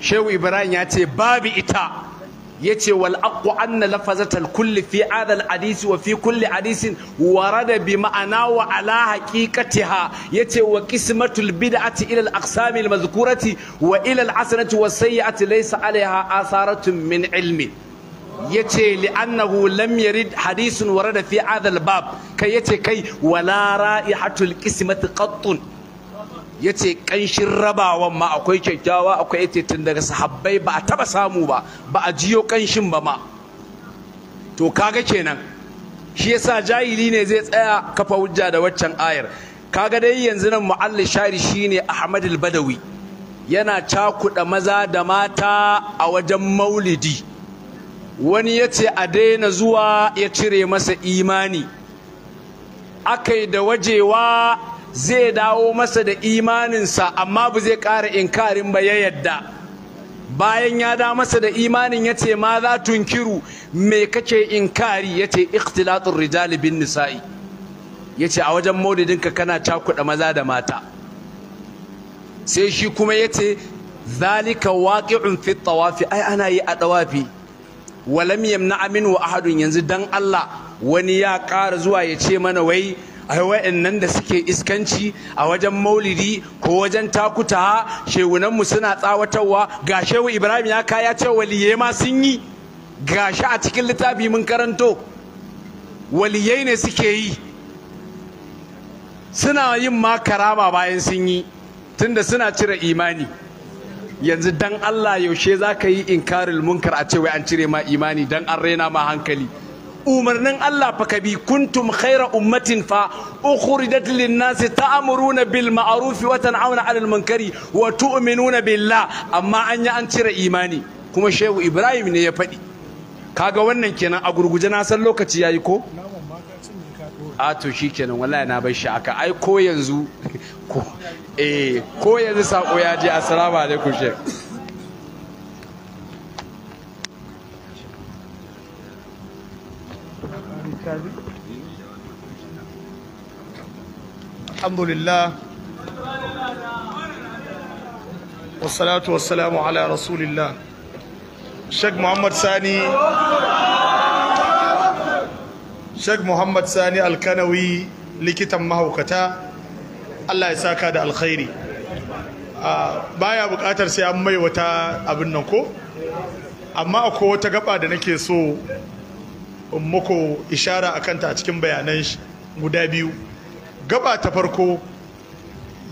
shehu ibrahim ya ce babu ita yace wal aqu anna lafazatal kulli fi hadha hadisi wa fi kulli hadisin warada bi ma'ana wa ala haqiqatiha yace wa qismatul bid'ati ila al aqsamil mazkurati wa ila al hasanati was sayyi'ati laysa alaiha asaratun min ilmi yace li'annahu lam yarid hadisun warada fi hadha al bab kai yace kai wala ra'ihatul qismati qattun ya ce ƙanshin rabawan ma akwai kyakkyawa akwai ita tun daga sahabbai ba a taba samu ba ba a jiyo ƙanshin ba ma to kaga kenan shi yasa jahili ne zai tsaya kafa hujja da waccan ayar kaga dai yanzu nan mu'allil shari shine ahmad al-badawi yana cakuɗa maza da mata a wajen maulidi wani ya ce a daina zuwa ya cire masa imani akai da wajewa zai dawo masa da imaninsa amma ba zai ƙara inkarin ba ya yadda bayan ya da masa da imanin ya ce ma za tunkiru me kake inkari ya ce ikhtilatun rijali bin nisa'i ya ce a wajen ka kana cakuɗa maza da mata sai shi kuma ya ce zalika waƙi'un fi tawafi ai ana yi a tawafi walam yamna Aminu wa ahadun yanzu dan Allah wani ya ƙara zuwa ya ce mana wai ai wa'annan da suke iskanci a wajen maulidi ko wajen takuta mu suna tsawatarwa ga shehu ibrahim ya kaya ce waliyai ma sun yi gashi a cikin littafi mun karanto waliyai ne suke yi suna yin ma karama bayan sun yi tunda suna cire imani yanzu dan Allah yaushe zaka ka yi inkarin munkar a cewa an cire ma imani dan an raina ma hankali umarnin Allah fa kabi kuntum khaira ummatin fa ukhrijat lin nasi ta'muruna bil ma'ruf wa tan'una 'alal munkari wa tu'minuna billah amma an yi an cire imani kuma shehu Ibrahim ne ya faɗi kaga wannan kenan a gurguje na san lokaci yayi ko a to shikenan wallahi na bar shi aka ai ko yanzu ko eh ko yanzu sako ya je assalamu alaikum shehu kazi alhamdulillah wassalatu wassalamu ala rasulillah Sheikh Muhammad Sani Sheikh Muhammad Sani Alkanawi likitan mahaukata Allah ya saka da alkhairi ah, baya bukatar sai an mai wata abin nan ko amma akwai wata gaɓa da nake so muku ishara a kanta a cikin bayanan guda biyu gaba ta farko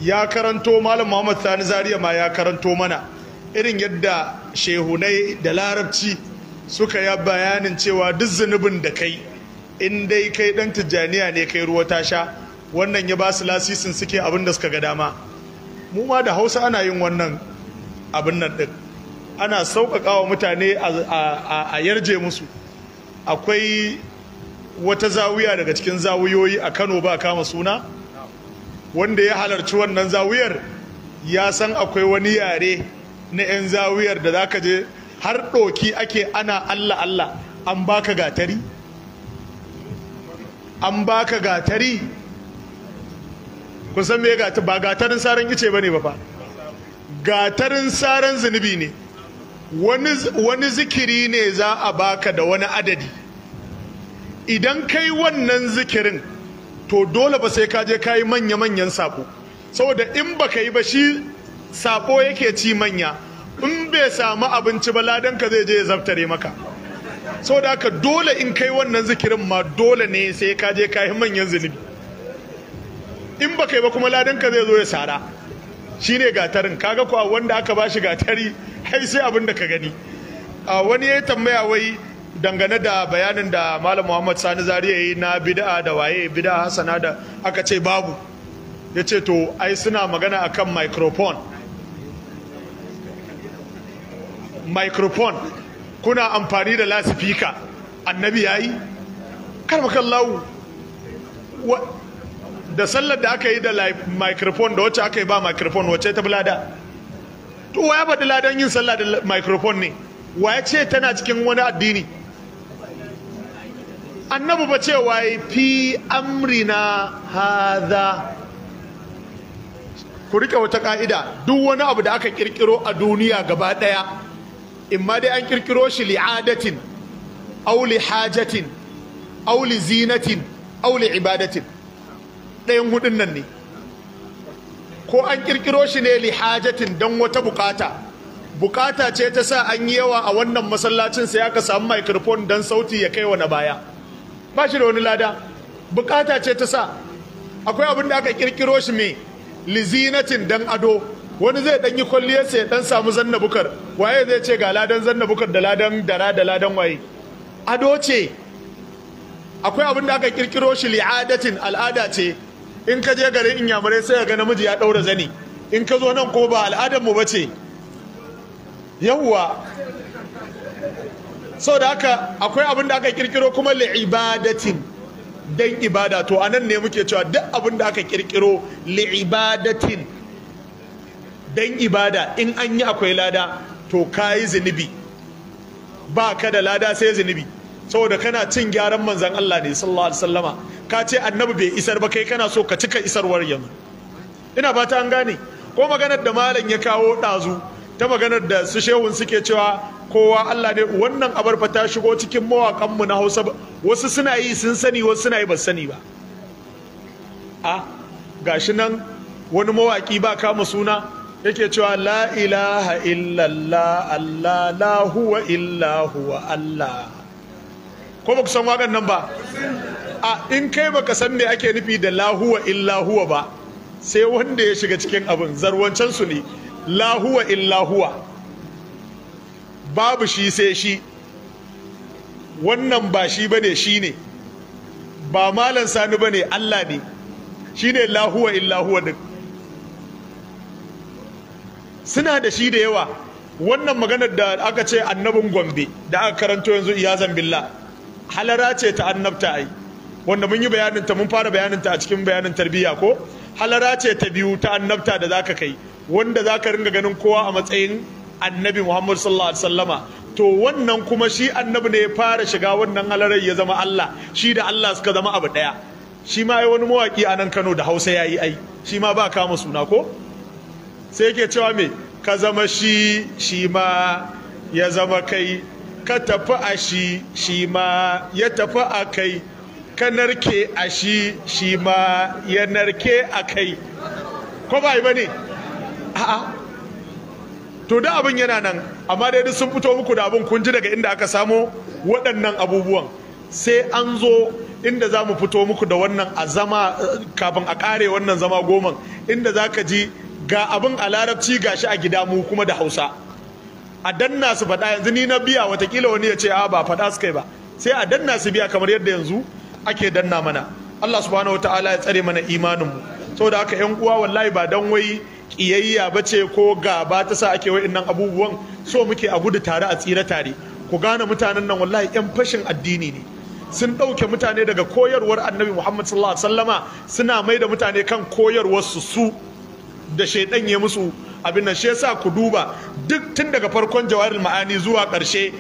ya karanto malam muhammad sani zariya ma ya karanto mana irin yadda shehunai da larabci suka ya bayanin cewa duk zunubin da kai in dai kai dan tijjaniya ne kai ruwa ta sha wannan ya ba su lasisin suke abin da suka ga dama mu ma da hausa ana yin wannan abin nan din ana sauƙaƙa wa mutane a yarje musu akwai wata zawiya daga cikin zawiyoyi a kano ba kama suna wanda ya halarci wannan zawiyar ya san akwai wani yare na 'yan zawiyar da zaka je har ɗoki ake ana allah allah an baka gatari an baka gatari kusan me gata ba gatarin saran ice ba ne ba fa gatarin saran zunubi ne wani zikiri ne za a baka da wani adadi idan kai wannan zikirin to dole ba sai ka je ka yi manya-manyan sabo saboda in ba ka yi ba shi sabo yake ci manya in bai samu abinci ba ladan ka zai je ya zaftare maka saboda haka dole in kai wannan zikirin ma dole ne sai ka je ka yi manyan zunubi in ba ka yi ba kuma ladan ka zai zo ya sara shine gatarin kaga kuwa wanda aka ba shi gatari kai sai abin da ka gani a wani ya tambaya wai dangane da bayanin da malam muhammad sani zari yi na bid'a da waye bid'a hasana da aka ce babu ya ce to ai suna magana akan microphone microphone kuna amfani da lasifika annabi ya yi, karmakan karmakallahu da sallar da aka yi da microphone da wacce aka yi ba microphone wacce ta bulada to wa ya faɗi ladan yin sallah da microphone ne wa ya ce tana cikin wani addini annabi ba ce waye fi amrina haza ku rike wata ka'ida duk wani abu da aka kirkiro a duniya gaba daya imma dai an kirkiro shi li'adatin aw li hajatin aw zinatin aw ibadatin ɗayan hudun nan ne ko an kirkiro shi ne lihajatin don wata bukata bukata ce ta sa an yi yawa a wannan masallacin sai aka samu microphone don sauti ya kai wa na baya ba shi da wani lada bukata ce ta sa akwai abin da aka kirkiro shi mai lizinatin don ado wani zai ɗanyi yi kwalliyar sai ɗan samu zanna bukar waye zai ce ga ladan zanna bukar da ladan dara da ladan waye ado ce akwai abin da aka kirkiro shi li'adatin al'ada ce in ka je garin inyamurai sai ga namiji ya daura zani in ka zo nan ko ba al'adar mu bace yawwa da haka akwai abin da aka kirkiro kuma ibadatin dan ibada to anan ne muke cewa duk abin da aka kirkiro ibadatin dan ibada in an yi akwai lada to kayi zunubi ba ka da lada sai zunubi saboda kana cin gyaran manzan Allah ne sallallahu alaihi wasallama ka ce annabi bai isar ba kai kana so ka cika isarwar yanzu ina fata an gane ko maganar da malam ya kawo ɗazu ta maganar da su shehun suke cewa kowa Allah ne wannan abar fa ta shigo cikin mawakan mu na Hausa wasu suna yi sun sani wasu suna yi ba sani ba a gashi nan wani mawaki ba kama suna yake cewa la ilaha illallah Allah la huwa illa huwa Allah ko ba ku san wagan nan ba a in kai baka san me ake nufi da lahuwa huwa ba sai wanda ya shiga cikin abin zarwancan su ne lahuwa huwa babu shi sai shi wannan ba shi bane shi ne ba malan sani bane Allah ne shine lahuwa huwa din suna da shi da yawa wannan maganar da aka ce annabin gombe da aka karanto yanzu iyazan billah halara ce ta annabta ai wanda mun yi bayanin mun fara bayaninta ta a cikin bayanin tarbiyya ko halara ce ta biyu ta annabta da zaka kai wanda zaka ringa ganin kowa a matsayin annabi Muhammad sallallahu alaihi wasallama to wannan kuma shi annabi ne ya fara shiga wannan halarar ya zama Allah shi da Allah suka zama abu daya shi ma wani mawaki a nan Kano da Hausa yayi ai shi ma ba kama suna ko sai yake cewa me ka zama shi shi ma ya zama kai ka tafi a shi shi ma ya tafi a kai ka narke a shi shi ma ya narke a kai ko ba yi ba ne a'a to da abin yana nan amma dai duk sun fito muku da abin kun ji daga inda aka samo waɗannan abubuwan sai an zo inda za mu fito muku da wannan a zama kafin a ƙare wannan zama goman inda za ka ji ga abin a larabci gashi a gida mu kuma da hausa a danna su faɗa yanzu ni na biya watakila wani ya ce a ba faɗa su kai ba sai a danna su biya kamar yadda yanzu ake danna mana Allah subhanahu ta'ala ya tsare mana imanin mu saboda haka yan uwa wallahi ba dan wai kiyayya ce ko gaba ta sa ake wai innan abubuwan so muke a gudu tare a tsira tare ku gane mutanen nan wallahi yan fashin addini ne sun ɗauke mutane daga koyarwar annabi muhammad sallallahu alaihi wasallama suna mai da mutane kan koyarwar su su da shaidan ya musu abin nan shi yasa ku duba duk tun daga farkon jawarin ma'ani zuwa karshe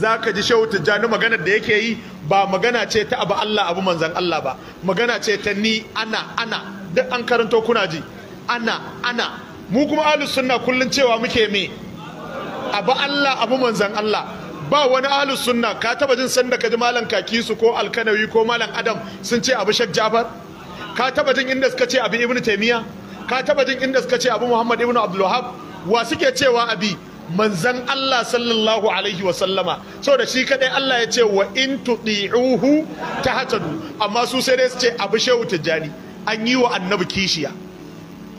ka ji shehu tijjani magana da yake yi ba magana ce ta abu Allah abu manzan Allah ba magana ce ta ni ana ana duk an karanto kuna ji ana ana mu kuma ahlus sunna kullun cewa muke me abu Allah abu manzan Allah ba wani ahlus sunna ka taba jin sanda ka ji malam kakisu ko alkanawi ko malam adam sun ce abu shak jafar ka taba jin inda suka ce abu ibnu taymiya ka taba jin inda suka ce abu muhammad ibn abdulwahab wa suke cewa abi manzan Allah sallallahu alaihi wa sallama da shi kadai Allah ya ce wa in tuti'uhu tahtadu amma su sai dai su ce abu shehu tijjani an yi wa annabi kishiya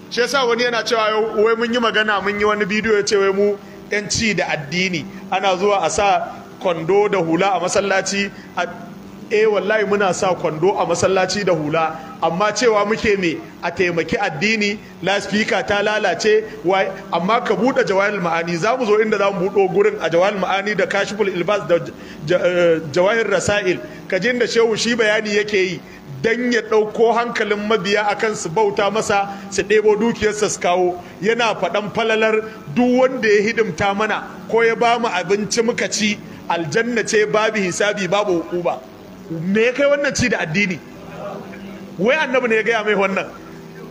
shi yasa wani yana cewa wai mun yi magana mun yi wani bidiyo ya ce wai mu yanci da addini ana zuwa a sa kwando da hula a masallaci E wallahi muna sa kwando a masallaci da hula amma cewa muke ne a taimaki addini speaker ta lalace wai amma ka bude jawahir ma'ani za mu zo inda za mu buɗo gurin a jawahir ma'ani da kashiful ilbas da eh, jawahir rasail ka jin da shehu shi bayani yake yi dan ya ɗauko hankalin mabiya akan su bauta masa su ɗebo dukiyarsa su kawo yana faɗan falalar duk wanda ya hidimta mana ko ya ba mu abinci muka ci aljanna ce babu hisabi babu hukuma me ya kai wannan ci da addini wai annabi ne ya gaya mai wannan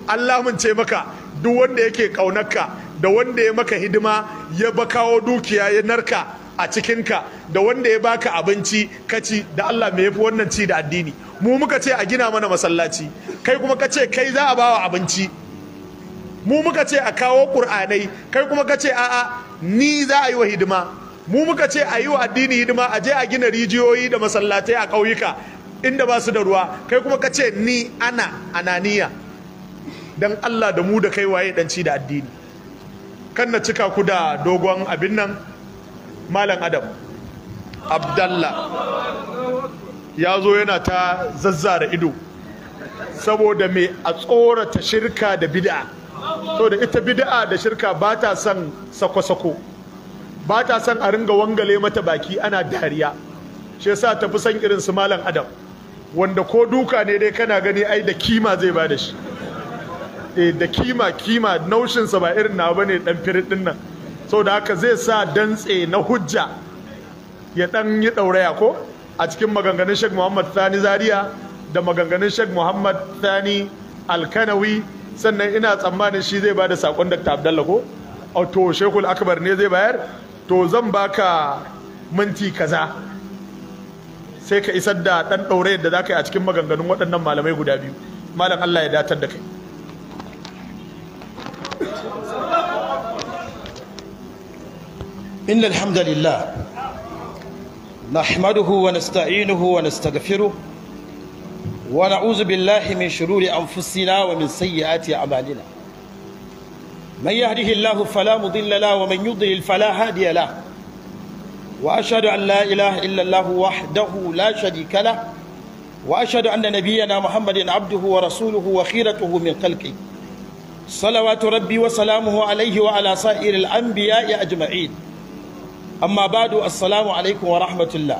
Allah mun ce maka duk wanda yake kaunarka da wanda ya maka hidima ya bakawo dukiya ya narka a cikinka da wanda ya baka abinci kaci da Allah me yafi wannan ci da addini mu muka ce a gina mana masallaci kai kuma ka ce kai za a bawa abinci mu muka ce a kawo ƙur'anai kai kuma ka ce a'a ni za a yi wa hidima mu muka ce a yi wa addini hidima a je a gina rijiyoyi da masallatai a ƙauyuka inda ba su da ruwa kai kuma ka ce ni ana ananiya Don Allah da mu da kai waye danci da addini kan na cika ku da dogon abin nan malam adam abdallah ya zo yana ta zazzara ido saboda mai a tsorata shirka da bid'a saboda ita bid'a da shirka ba ta son sako-sako ba ta son a ringa wangale mata baki ana dariya shi yasa tafi son irin su malam adam wanda ko duka ne dai kana gani ai da kima zai ba shi eh da kima kima naushinsa ba irin na bane dan firin din nan saboda haka zai sa dantse na hujja ya dan yi dauraya ko a cikin maganganun Sheikh Muhammad Thani Zaria da maganganun Sheikh Muhammad Thani Alkanawi sannan ina tsammanin shi zai bada sakon Dr. Abdallah ko to Sheikhul Akbar ne zai bayar to zan baka minti kaza sai ka isar da dan daure da zaka yi a cikin maganganun waɗannan malamai guda biyu malam Allah ya datar da kai inna alhamdulillah nahmaduhu wa nasta'inuhu wa wa na'uzubillahi billahi min shururi anfusina wa min sayyiati a'malina من يهده الله فلا مضل له ومن يضلل فلا هادي له وأشهد أن لا إله إلا الله وحده لا شريك له وأشهد أن نبينا محمد عبده ورسوله وخيرته من خلقه صلوات ربي وسلامه عليه وعلى سائر الأنبياء أجمعين أما بعد السلام عليكم ورحمة الله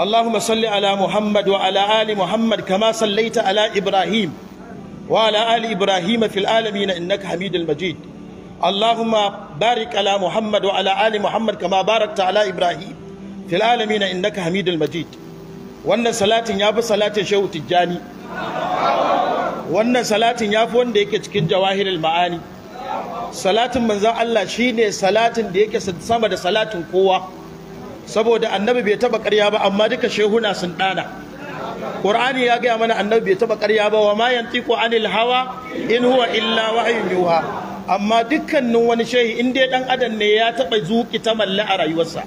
اللهم صل على محمد وعلى آل محمد كما صليت على إبراهيم وعلى آل إبراهيم في العالمين إنك حميد المجيد اللهم بارك على محمد وعلى آل محمد كما باركت على إبراهيم في العالمين إنك حميد المجيد وأن صلاة يابو صلاة شو تجاني وأن صلاة يابو وأن ديك تكين جواهر المعاني صلاة من ذا الله شيني صلاة ديك سمد صلاة قوة saboda annabi bai taba ƙarya ba amma duka shehuna sun ɗana qur'ani ya gaya mana annabi bai taba ƙarya ba wa ma yantiku anil hawa in huwa illa wahyun yuha amma dukkanin wani shehi in dai dan adam ne ya taba zuki ta malla a rayuwarsa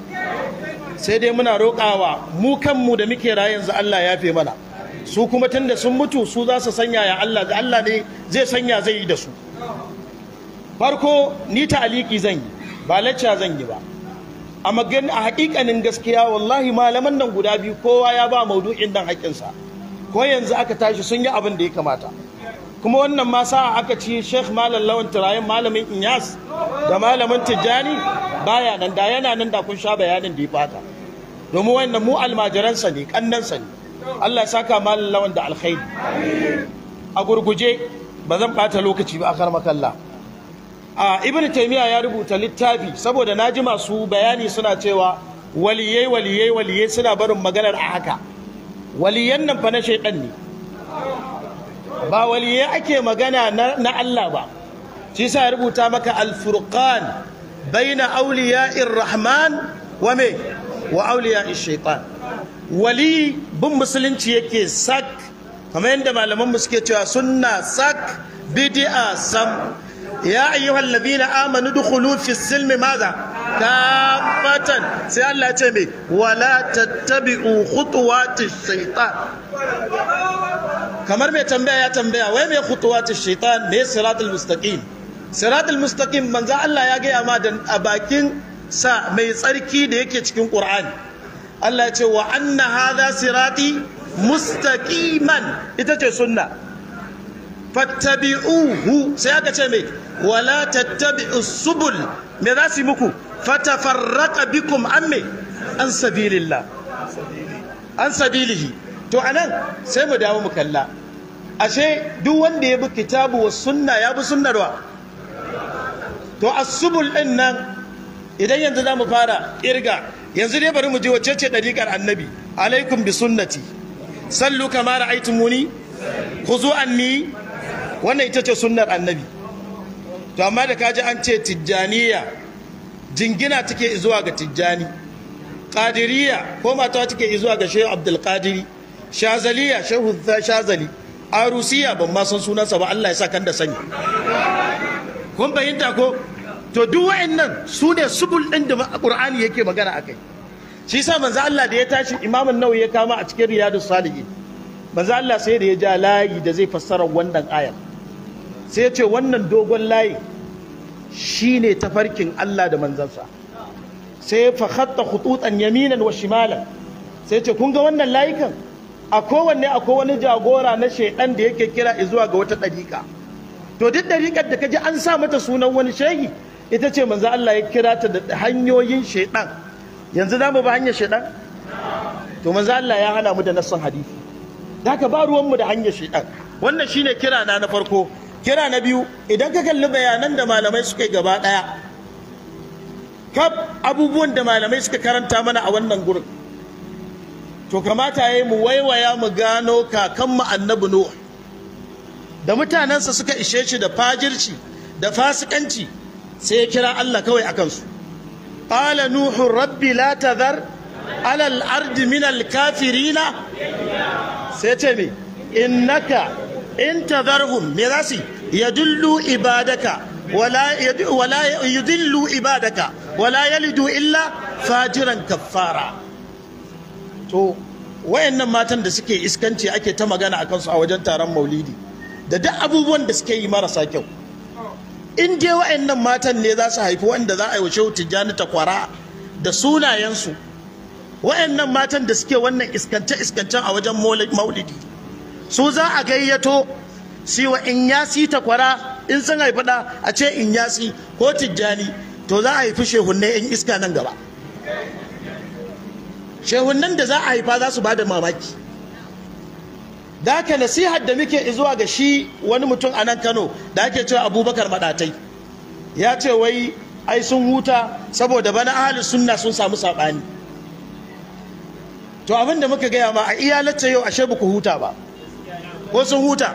sai dai muna roƙawa mu kanmu da muke raye yanzu Allah ya fe mana su kuma tunda sun mutu su za su sanya ya Allah da Allah ne zai sanya zai yi da su farko ni ta aliki zan yi ba lacca zan yi ba a a hakikanin gaskiya wallahi malaman nan guda biyu kowa ya ba maudu'in nan haƙƙinsa ko yanzu aka tashi sun yi abin da ya kamata kuma wannan ma sa aka ci Sheikh Malam Lawan Turayen malamin Inyas da malamin Tijjani baya nan da yana nan da kun sha bayanin da ya fata domin wannan mu almajiransa ne kannansa ne Allah ya saka Malam Lawan da alkhairi a gurguje ba zan bata lokaci ba a kar makalla a ibn taimiya ya rubuta littafi saboda na ji masu bayani suna cewa waliyai waliyai waliyai suna barin maganar a haka waliyan nan fa na shaidan ne ba waliyai ake magana na Allah ba shi sa ya rubuta maka al-furqan baina awliya'ir rahman wa me wa awliya'ish shaitan wali bin musulunci yake sak kamar yadda malaman mu suke cewa sunna sak bid'a sam ya ayyuhal ladina amanu dukhulu fi silmi maza kafatan sai Allah ce me wala tattabi'u khutuwati shaitan kamar mai tambaya ya tambaya wai mai khutuwati shaitan ne siratul mustaqim siratul mustaqim manzo Allah ya gaya ma da a bakin sa mai tsarki da yake cikin Qur'ani Allah ya ce wa anna hadha sirati mustaqiman ita ce sunna fattabi'uhu sai aka ce mai wala tattabi'u subul me za su yi muku fatafarraka bikum an me an sabilillah an sabilihi to anan sai mu dawo mu kalla ashe duk wanda ya bi kitabu wa sunna ya bi sunnarwa to asubul din nan idan yanzu za mu fara irga yanzu dai bari mu je wace ce dariƙar annabi alaikum bi sunnati sallu kama ra'aytumuni khuzu anni wannan ita ce sunnar annabi to amma da kaji an ce tijjaniya jingina take zuwa ga tijjani qadiriya ko mata take zuwa ga shehu abdul qadiri shazaliya shehu shazali arusiya ban ma san sunansa ba Allah ya sa kan da sani kun bayyanta ko to duk wa'annan su ne subul ɗin da qur'ani yake magana akai shi sa manzo Allah da ya tashi imamin nawawi ya kama a cikin riyadus salihin manzo Allah sai da ya ja layi da zai fassara wannan ayar sai ya ce wannan dogon layi shine tafarkin Allah da manzansa sai fa fahatta khututan yaminan wa shimalan sai ce kun ga wannan layikan a kowanne a wani jagora na shaidan da yake kira zuwa ga wata dariƙa to duk dariƙar da kaji an sa mata sunan wani shehi ita ce manzo Allah ya kira ta da hanyoyin shaidan yanzu mu ba hanyar shaidan to manzo Allah ya hana mu da nassan hadisi ka ba ruwanmu da hanyar shaidan wannan shine kira na na farko kira na biyu idan ka kalli bayanan da malamai suka yi gaba ɗaya kaf abubuwan da malamai suka karanta mana a wannan gurin to kamata ya yi mu waiwaya mu gano kakanmu annabi nuh da mutanensa suka ishe shi da fajirci da fasikanci sai ya kira Allah kawai a kansu qala nuhu rabbi la alal ardi min kafirina sai ce me innaka in tadharhum me za su yadullu ibadaka wala wala yudillu ibadaka wala yalidu illa fajiran kaffara to wayannan matan da suke iskanci ake ta magana akan su a wajen taron maulidi da duk abubuwan da suke yi marasa kyau in dai wayannan matan ne za su haifi wanda za a yi wace shehu tijjani ta kwara da sunayensu wayannan matan da suke wannan iskance-iskancen a wajen maulidi su za a gayyato siwa in yasi ta kwara in sun haifi da a ce in yasi ko tijjani to za a haifi shehunne in iska nan gaba shehunnan da za a haifa za su bada mamaki da haka nasihar da muke zuwa ga shi wani mutum a nan kano da ake cewa abubakar maɗatai ya ce wai ai sun huta saboda bana ahalin sunna sun samu saɓani to abin da muka gaya ma a iyalacce yau ashe buku huta ba ko sun huta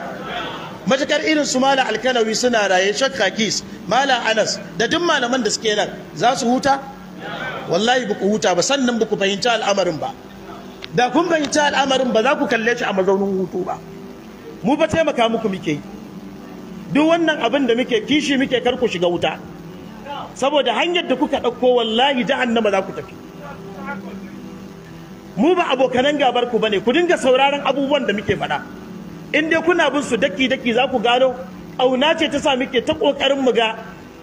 matakar irin su mala alkanawi suna raye shakka kis mala anas da duk malaman da suke nan za su huta wallahi ba ku huta ba sannan ba ku fahimci al'amarin ba da kun fahimci al'amarin ba za ku kalle shi a mazaunin hutu ba mu ba taimaka muku muke duk wannan abin da muke kishi muke kar ku shiga wuta saboda hanyar da kuka ɗauko wallahi jahannama za ku tafi mu ba abokanan gabar ku bane ku dinga sauraron abubuwan da muke faɗa in dai kuna bin su daki daki za ku gano auna ce ta sami muke ta kokarin mu ga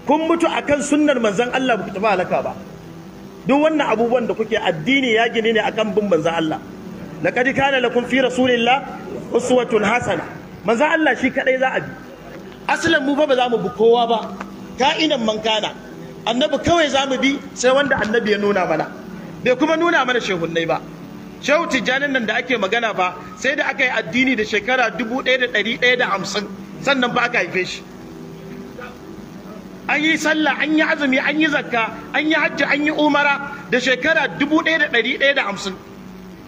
kun mutu akan sunnar manzon Allah ba ku tafi halaka ba duk wannan abubuwan da kuke addini ya gini ne akan bin manzon Allah laqad kana lakum fi rasulillah uswatun hasana manzon Allah shi kadai za a bi aslan mu ba ba za mu bi kowa ba ka'inan man kana annabi kawai za mu bi sai wanda annabi ya nuna mana bai kuma nuna mana shehunnai ba shehu tijjanin nan da ake magana ba sai da aka yi addini da shekara dubu da da hamsin sannan ba aka haife shi an yi sallah an yi azumi an yi zakka an yi hajji an yi umara da shekara dubu da da hamsin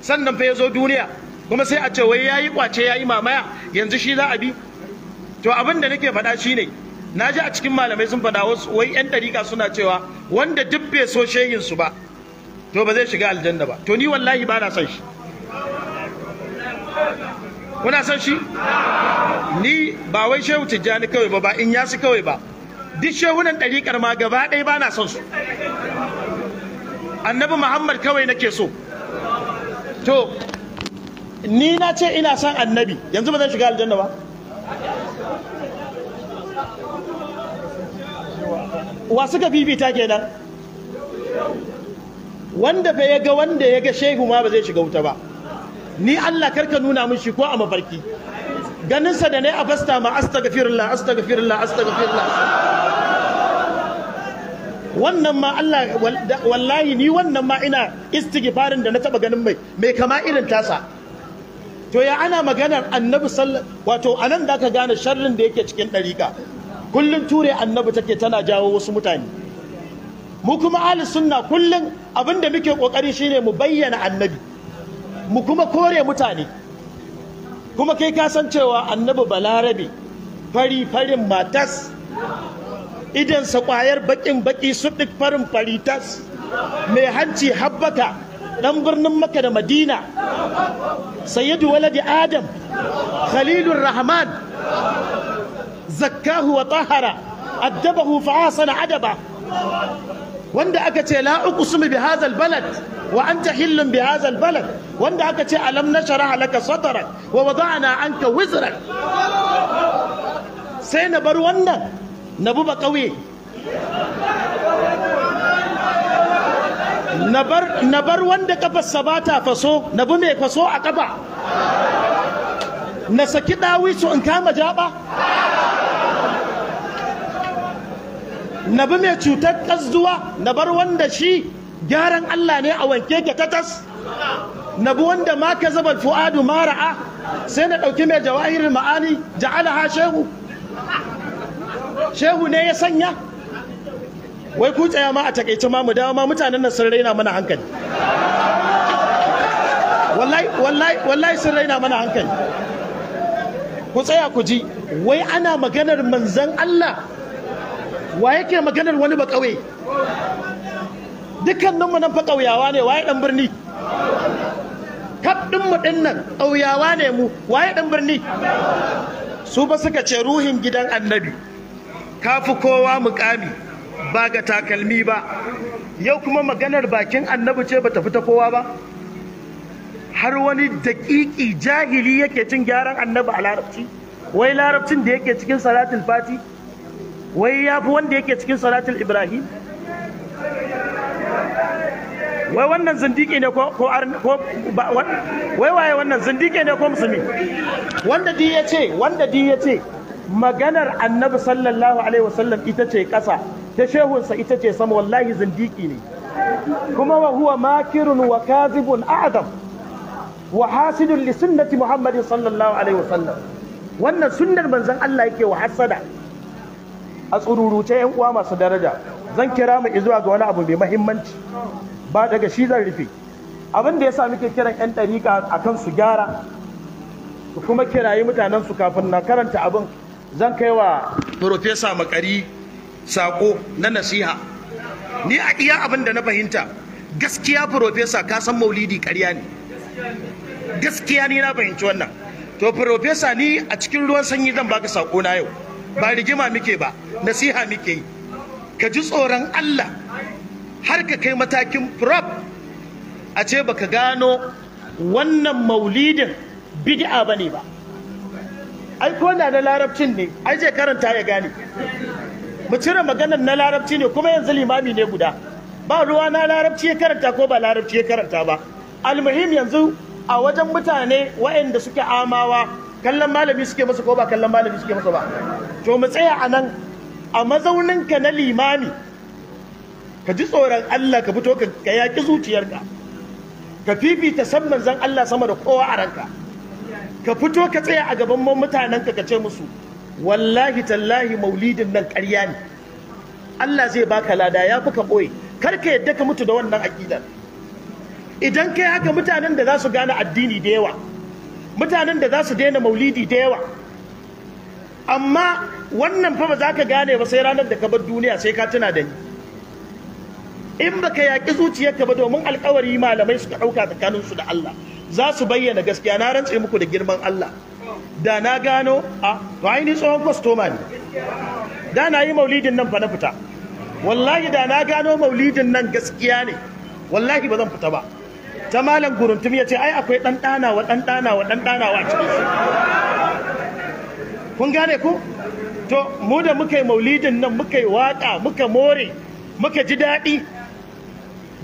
sannan fa ya zo duniya kuma sai a ce wai ya yayi kwace yi mamaya yanzu shi za a bi to abin da nake faɗa shi ne, na ji a cikin malamai sun faɗa wasu wai 'yan ɗarika suna cewa wanda duk bai so shehinsu su ba to ba zai shiga aljanna ba to ni wallahi ba na son shi kuna son shi ni ba wai shehu tijjani kawai ba ba in yasu kawai ba duk shehunan ɗariƙar ma gaba ɗaya ba na son su annabi muhammad kawai nake so to ni na ce ina son annabi yanzu ba zan shiga aljanna ba wa suka fifita kenan wanda fa ya ga wanda ya ga shehu ma ba zai shiga wuta ba ni Allah karka nuna min shi ko a mafarki ganin sa da ne a fasta ma astaghfirullah astaghfirullah astaghfirullah wannan ma Allah wallahi ni wannan ma ina istighfarin da na taba ganin mai mai kama irin tasa to ya ana maganar annabi sallallahu wato anan da ka gane sharrin da yake cikin dariqa kullun ture annabi take tana jawo wasu mutane mu kuma ahli sunna kullum abinda muke kokari shine mu bayyana annabi mu kuma kore mutane kuma kai ka san cewa annabi balarabi fari farin matas idan sa kwayar bakin baki sudik farin faritas mai hanci habbaka dan birnin makka da madina sayyidu waladi adam khalilur rahman zakkahu wa tahara addabahu fa asana adaba wanda aka ce la uqsimu bi hadzal balad wa anta hillun bi hadzal balad wanda aka ce alam nashara laka sadrak wa wada'na anka wizrak sai na bar wannan na buba kauye na bar wanda kafarsa ba ta faso na bu mai faso a kafa na saki dawisu in kama jaba na bi mai cutar ƙasduwa na bar wanda shi gyaran Allah ne a wanke ga tatas na bi wanda ma ka zaba fu'adu ma ra'a sai na ɗauki mai jawahir ma'ani ha shehu shehu ne ya sanya wai ku tsaya ma a takaice ma mu dawo ma mutanen nan sun raina mana hankali wallahi sun raina mana hankali ku tsaya ku ji wai ana maganar manzan Allah wa yake maganar wani ba ƙauye mu nan fa ƙauyawa ne waye ɗan birni kaf mu ɗin nan ƙauyawa ne mu waye ɗan birni su ba suka ce ruhin gidan annabi kafi kowa mukami ba ga takalmi ba yau kuma maganar bakin annabi ce ba ta fita kowa ba har wani daƙiƙi jahili yake cin gyaran annabi a larabci wai larabcin da yake cikin salatul fati wai ya fi wanda yake cikin salatul ibrahim wai wannan zindiki ne ko ko wai waye wannan zindiki ne ko musulmi wanda di ya ce wanda di ya ce maganar annabi sallallahu alaihi wasallam ita ce ƙasa ta shehunsa ita ce sama wallahi zindiki ne kuma wa huwa makirun wa kazibun a'dam wa hasidun li sunnati muhammadin sallallahu alaihi wasallam wannan sunnar manzon Allah yake wa hasada a tsururuce yan uwa masu daraja zan kira mu zuwa ga wani abu mai mahimmanci ba daga shi zan rufe abin da ya sa muke kiran yan dariƙa akan su gyara su kuma kirayi mutanen su kafin na karanta abin zan kai wa profesa makari sako na nasiha ni a iya abin da na fahimta gaskiya profesa ka san maulidi ƙarya ne gaskiya ni na fahimci wannan to profesa ni a cikin ruwan sanyi zan baka sako na yau ba rigima muke ba nasiha muke yi ka ji tsoron Allah har ka kai matakin prop a ce baka gano wannan maulidin bid'a ne ba ai ko na da larabcin ne ai je karanta ya gane mu cire maganar na larabci ne kuma yanzu limami ne guda ba ruwa na larabci ya karanta ko ba larabci ya karanta ba almuhim yanzu a wajen mutane waɗanda suke amawa kallon malami suke masa ko ba kallon malami suke masa ba to mu tsaya a nan a ka na limami ka ji tsoron Allah ka fito ka yaƙi zuciyarka ka fifita san manzon Allah sama da kowa a ranka ka fito ka tsaya a gaban mutanenka ka ce musu wallahi tallahi maulidin nan ƙarya ne Allah zai baka lada ya fi ka ɓoye kar ka yadda ka mutu da wannan aƙidar idan kai haka mutanen da za su gane addini da yawa mutanen da za su daina maulidi da yawa amma wannan fa ba za ka gane ba sai ranar da ka bar duniya sai ka tuna da ni in baka yaƙi zuciyarka ba domin alƙawari malamai suka ɗauka tsakaninsu da Allah za su bayyana gaskiya na rantse muku da girman Allah da na gano a bayan ni tsohon kwastoma ne da na yi maulidin nan fa na fita wallahi da na gano maulidin nan gaskiya ne wallahi ba zan fita ba ta malam guruntum ya ce ai akwai ɗanɗana wa ɗanɗana wa ɗanɗana wa a cikin kun gane ku to mu da muka yi maulidin nan muka yi waƙa muka more muka ji daɗi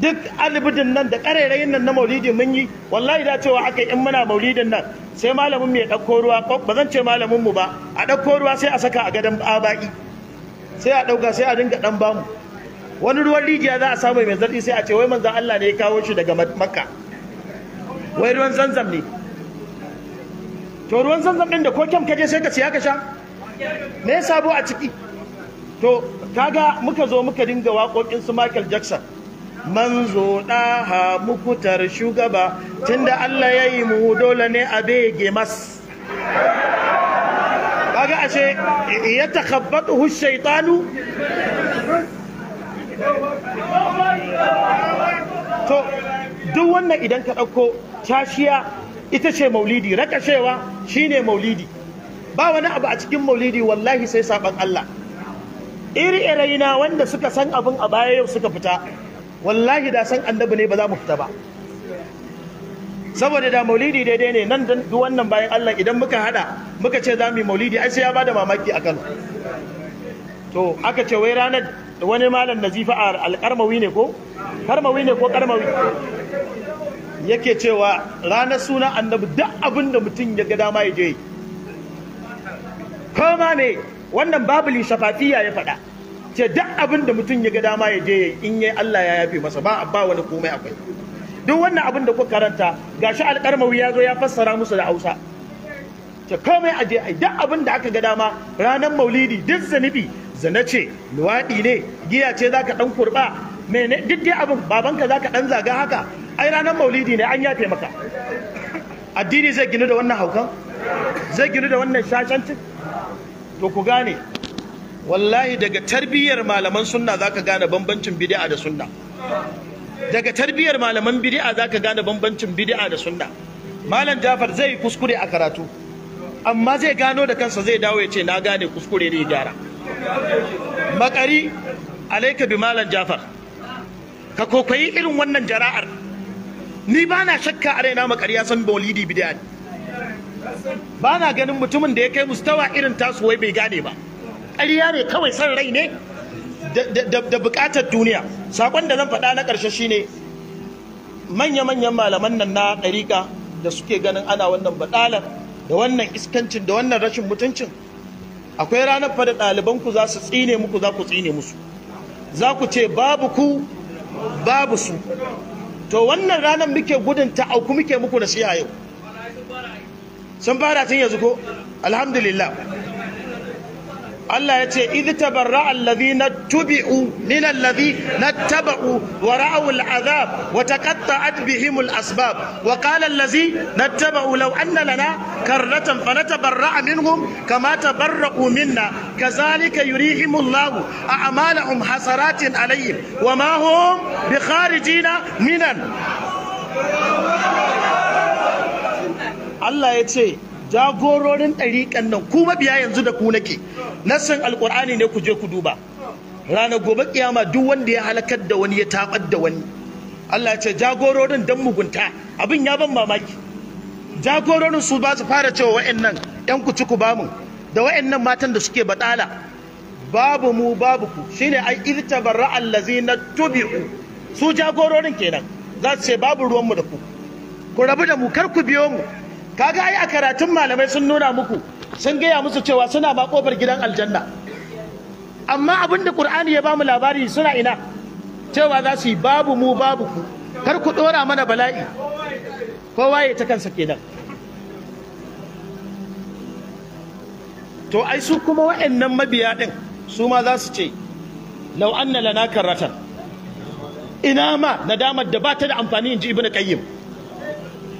duk alibidin nan da ƙarairayin nan na maulidi mun yi wallahi da cewa aka yi in muna maulidin nan sai malamin mu ya ɗauko ruwa ba zan ce malamin mu ba a ɗauko ruwa sai a saka a gadon abaƙi sai a ɗauka sai a dinga ɗan bamu wani ruwan rijiya za a samu mai zarɗi sai a ce wai manzan Allah ne ya kawo shi daga makka wai ruwan zanzam ne to ruwan zanzam ɗin da ko kyam kaje sai ka siya ka sha me ya sabo a ciki to kaga muka zo muka dinga waƙoƙin su Michael Jackson manzo ɗaha mukutar shugaba tunda Allah ya yi mu dole ne a bege mas kaga ashe ya takhabbatu shaitanu to duk wannan idan ka ɗauko cashiya ita ce maulidi rakashewa shi ne maulidi ba wani abu a cikin maulidi wallahi sai saban Allah iri iraina wanda suka san abin a baya yau suka fita wallahi da san annabi ne ba za mu fita ba saboda da maulidi daidai ne nan duk wannan bayan Allah idan muka hada muka ce za mu yi maulidi ai sai ya bada mamaki a Kano to aka ce wai ranar wani malam nazifa alƙarmawi ne ko karmawi ne ko karmawi yake cewa ranar suna annabi duk abin da mutum ya ga dama ya je koma ne wannan babuli shafafiya ya faɗa ce duk abin da mutum ya ga dama ya je in yi Allah ya yafe masa ba ba wani komai akwai duk wannan abin da kuka karanta gashi alƙarmawi ya zo ya fassara musu da Hausa ta komai a je a duk abin da aka ga dama ranar maulidi duk zanibi zana ce luwaɗi ne giya ce ka ɗan kurɓa mene duk dai abin babanka za ka ɗan zaga haka ai ranar maulidi ne an yafe maka addini zai ginu da wannan haukan zai ginu da wannan shashancin to ku gane wallahi daga tarbiyyar malaman sunna za ka gane bambancin bidi'a da sunna daga tarbiyyar malaman bidi'a za ka gane bambancin bidi'a da sunna malam Jafar zai yi kuskure a karatu amma zai gano da kansa zai dawo ya ce na gane kuskure ne gyara makari alaika bi malam jafar ka kokayi irin wannan jara'ar ni ba na shakka a raina makari ya san bolidi bid'a ne ba na ganin mutumin da ya kai mustawa irin tasu wai bai gane ba ƙarya ne kawai san rai ne da buƙatar duniya saƙon da zan faɗa na ƙarshe shine manya-manyan malaman nan na ɗariƙa da suke ganin ana wannan baɗalar da wannan iskancin da wannan rashin mutuncin akwai ranar fa da ku za su tsine muku za ku tsine musu za ku ce babu ku babu su to wannan ranar muke gudun ta auku muke muku nasiha yau sun fara tun yanzu ko alhamdulillah Allah ya ce idh tabarra alladhina tubi'u min alladhina taba'u wa ra'aw al'adhab wa taqatta'at bihim al'asbab wa qala alladhina taba'u law anna lana karratan fanatabarra'a minhum kama tabarra'u minna kadhalika yurihim Allah a'malahum hasaratin alayhim wa ma hum bikharijina minan Allah ya ce jagororin ɗariƙan nan ku mabiya yanzu da ku nake na san alƙur'ani ne ku je ku duba ranar gobe kiyama duk wanda ya halakar da wani ya taɓar da wani Allah ce jagororin dan mugunta abin ya ban mamaki jagororin su ba su fara cewa wa'annan yan ku ci ku bamu da wa'annan matan da suke baɗala. babu mu babu ku shine ai irtabarra allazina tubi'u su jagororin kenan za su ce babu ruwan mu da ku ku rabu da mu kar ku biyo mu kaga ai a karatun malamai sun nuna muku sun gaya musu cewa suna ba kofar gidan aljanna amma abin da qur'ani ya bamu labari suna ina cewa za su yi babu mu babu ku kar ku dora mana bala'i kowa ya ta kansa kenan to ai su kuma wa'annan mabiya din su ma za su ce lau anna lana karatan ina ma nadamar da ba ta da amfani in ji ibnu qayyim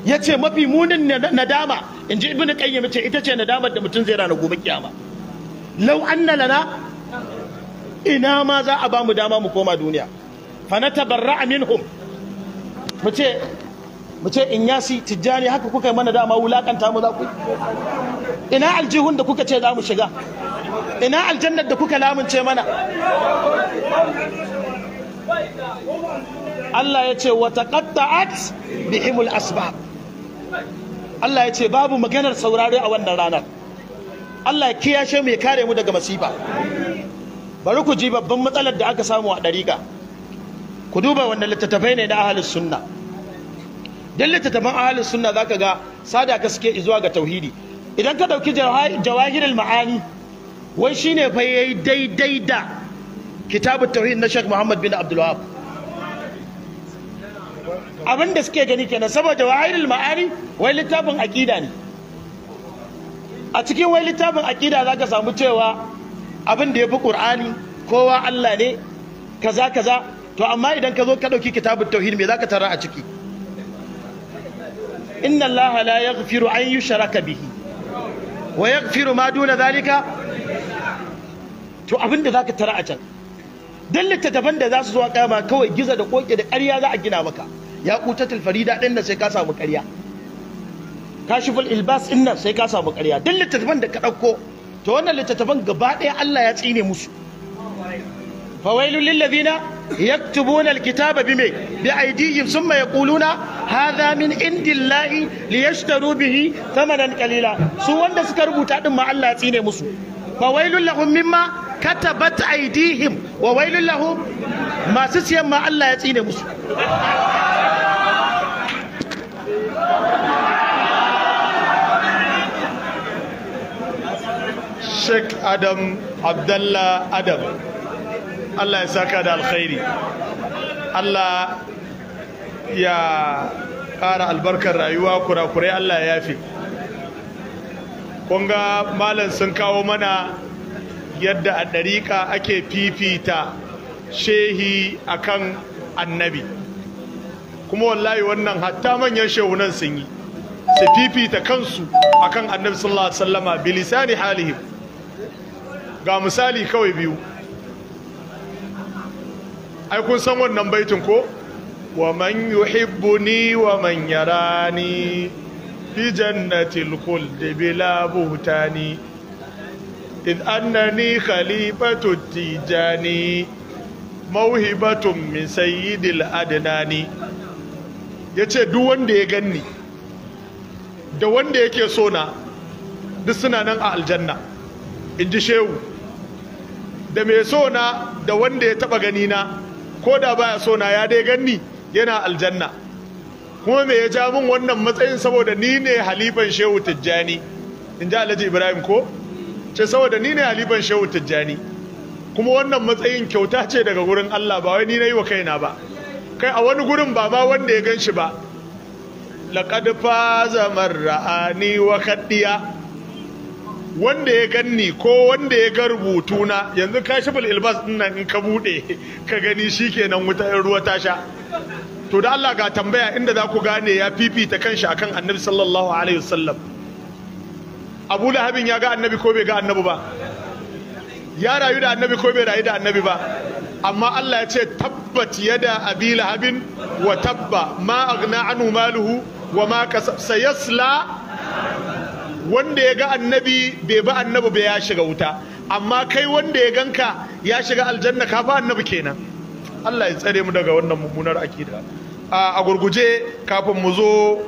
ya ce mafi munin nadama in ji ibn qayyim ya ce ita ce nadamar da mutum zai rana gobe kiyama lau anna lana ina ma za a ba mu dama mu koma duniya fa natabarra minhum mu ce mu ce in yasi tijjani haka kuka yi mana dama wulakanta mu za ku ina aljihun da kuka ce za mu shiga ina aljannar da kuka lamunce mana Allah ya ce wata ƙatta'at bihimul asbab Allah ya ce babu maganar saurare a wannan ranar Allah ya kiyashe mu ya kare mu daga masifa bari ku ji babban matsalar da aka samu a ɗariƙa ku duba wanda littattafai ne na ahalin sunna dan littattafan ahalin sunna zaka ga sada ka suke zuwa ga tauhidi idan ka ɗauki jawahirul ma'ani wai shine fa yayi daidai da kitabut tauhid na Sheikh Muhammad bin Abdul Wahab abin da suke gani kenan saboda wahirul ma'ani wai littafin aqida ne a cikin wai littafin aqida zaka samu cewa abin da yafi qur'ani kowa Allah ne kaza kaza to amma idan ka zo ka dauki kitabut tauhid me zaka tara a ciki inna Allah la yaghfiru an yushraka bihi wa yaghfiru ma duna zalika to abin da zaka tara a can dan littattafan da za su zo a kama kawai giza da koke da ƙarya za a gina maka ya kutatul farida din nan sai ka samu ƙarya kashiful ilbas din nan sai ka samu ƙarya duk littattafan da ka ɗauko to wannan littattafan gaba ɗaya Allah ya tsine musu fawailul lil ladina yaktubuna alkitaba bime bi aydihim thumma yaquluna hadha min indillahi liyashtaru bihi thamanan qalila su wanda suka rubuta din ma Allah ya tsine musu fa wailul lahum mimma katabat aidihim wa wailul lahum masu siyan ma Allah ya tsine musu Sheikh Adam Abdallah Adam Allah ya saka da alkhairi Allah ya ƙara albarkar rayuwa kurakurai Allah ya yafe Kunga ga malam sun kawo mana yadda a ɗariƙa ake fifita shehi akan annabi kuma wallahi wannan hatta manyan shehunan sun yi su fifita kansu akan annabi sallallahu alaihi wasallama bilisani halihim ga misali kawai biyu ai kun san wannan baitin ko wa man yuhibbuni wa man yarani في جنة الخلد بلا بهتان إذ أنني خليفة التيجاني موهبة من سيد الأدنان yace duk wanda ya ganni da wanda yake so na duk suna nan a aljanna in ji shehu da mai so na da wanda ya taba gani na ko da baya so na ya dai ganni yana aljanna kuma me ya ja min wannan matsayin saboda ni ne halifan shehu tijjani in ji alhaji ibrahim ko ce saboda ni ne halifan shehu tijjani kuma wannan matsayin kyauta ce daga gurin allah ba wai ni na yi wa kaina ba kai a wani gurin ba ma wanda ya gan shi ba laƙad faza ra'ani wa kaddiya wanda ya ganni ko wanda ya ga rubutuna yanzu kashiful ilbas din nan in ka bude ka gani shikenan wuta ruwa ta sha to da Allah ga tambaya inda za ku gane ya fifita kanshi akan annabi sallallahu alaihi wasallam abu lahabin ya ga annabi ko bai ga annabi ba ya rayu da annabi ko bai rayu da annabi ba amma Allah ya ce tabbat yada abi lahabin wa tabba ma aghna anhu maluhu wa ma sayasla wanda ya ga annabi bai ba annabi ba ya shiga wuta amma kai wanda ya ganka ya shiga aljanna ka ba annabi kenan Allah ya tsare mu daga wannan mummunar akida a gurguje kafin mu zo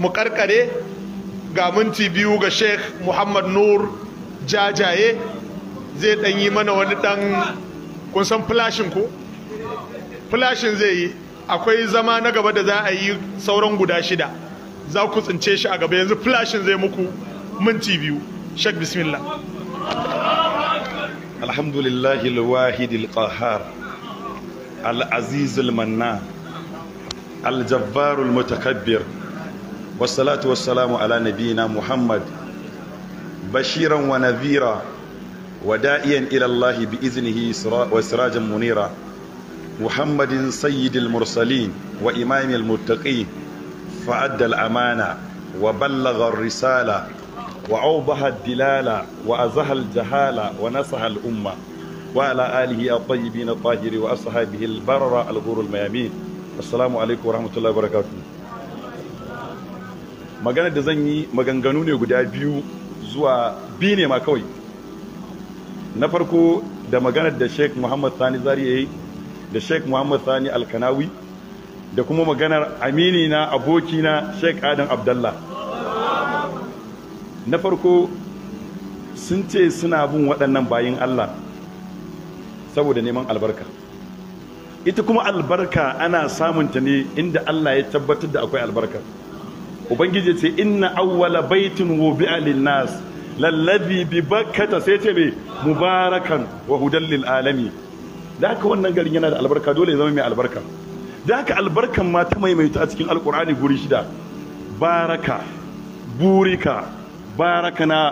mu karkare ga minti biyu ga Sheikh Muhammad Nur jajaye zai dan yi mana wani dan kun san flashin ko flashin zai yi akwai zama na gaba da za a yi sauran guda shida za ku tsince shi a gaba yanzu flashin zai muku minti biyu sheikh bismillah alhamdulillahi alwahid alqahar al al’azizul manna aljabbarul mutakabbir wasalatu wasalamu ala nabina muhammad bashiran wa nazira wa da'iyan ilallahi bi iznihi wa sirajan munira muhammadin sayyidil mursalin wa imamil mutaki fa'adda amana wa ballagar risala wa A'ubahad dilala wa azahar jahala wa nasahar umma وعلى آله الطيبين الطاهرين وأصحابه البررة الغور الميامين السلام عليكم ورحمة الله وبركاته magana da zan yi maganganu ne guda biyu zuwa biyu ne ma kawai na farko da maganar da sheikh muhammad sani zari ya yi da sheikh muhammad sani alkanawi da kuma maganar amini na abokina sheikh adam abdallah na farko sun ce suna bin waɗannan bayin allah saboda neman albarka ita kuma albarka ana samunta ne inda Allah ya tabbatar da akwai albarka ubangiji ce inna awwala baitin wubi'a lin-nas lallazi bi bakkata sai ce mai mubarakan wa hudan lil alami da haka wannan garin yana da albarka dole ya zama mai albarka da haka albarkan ma ta maimaita a cikin alkur'ani guri shida baraka burika barakana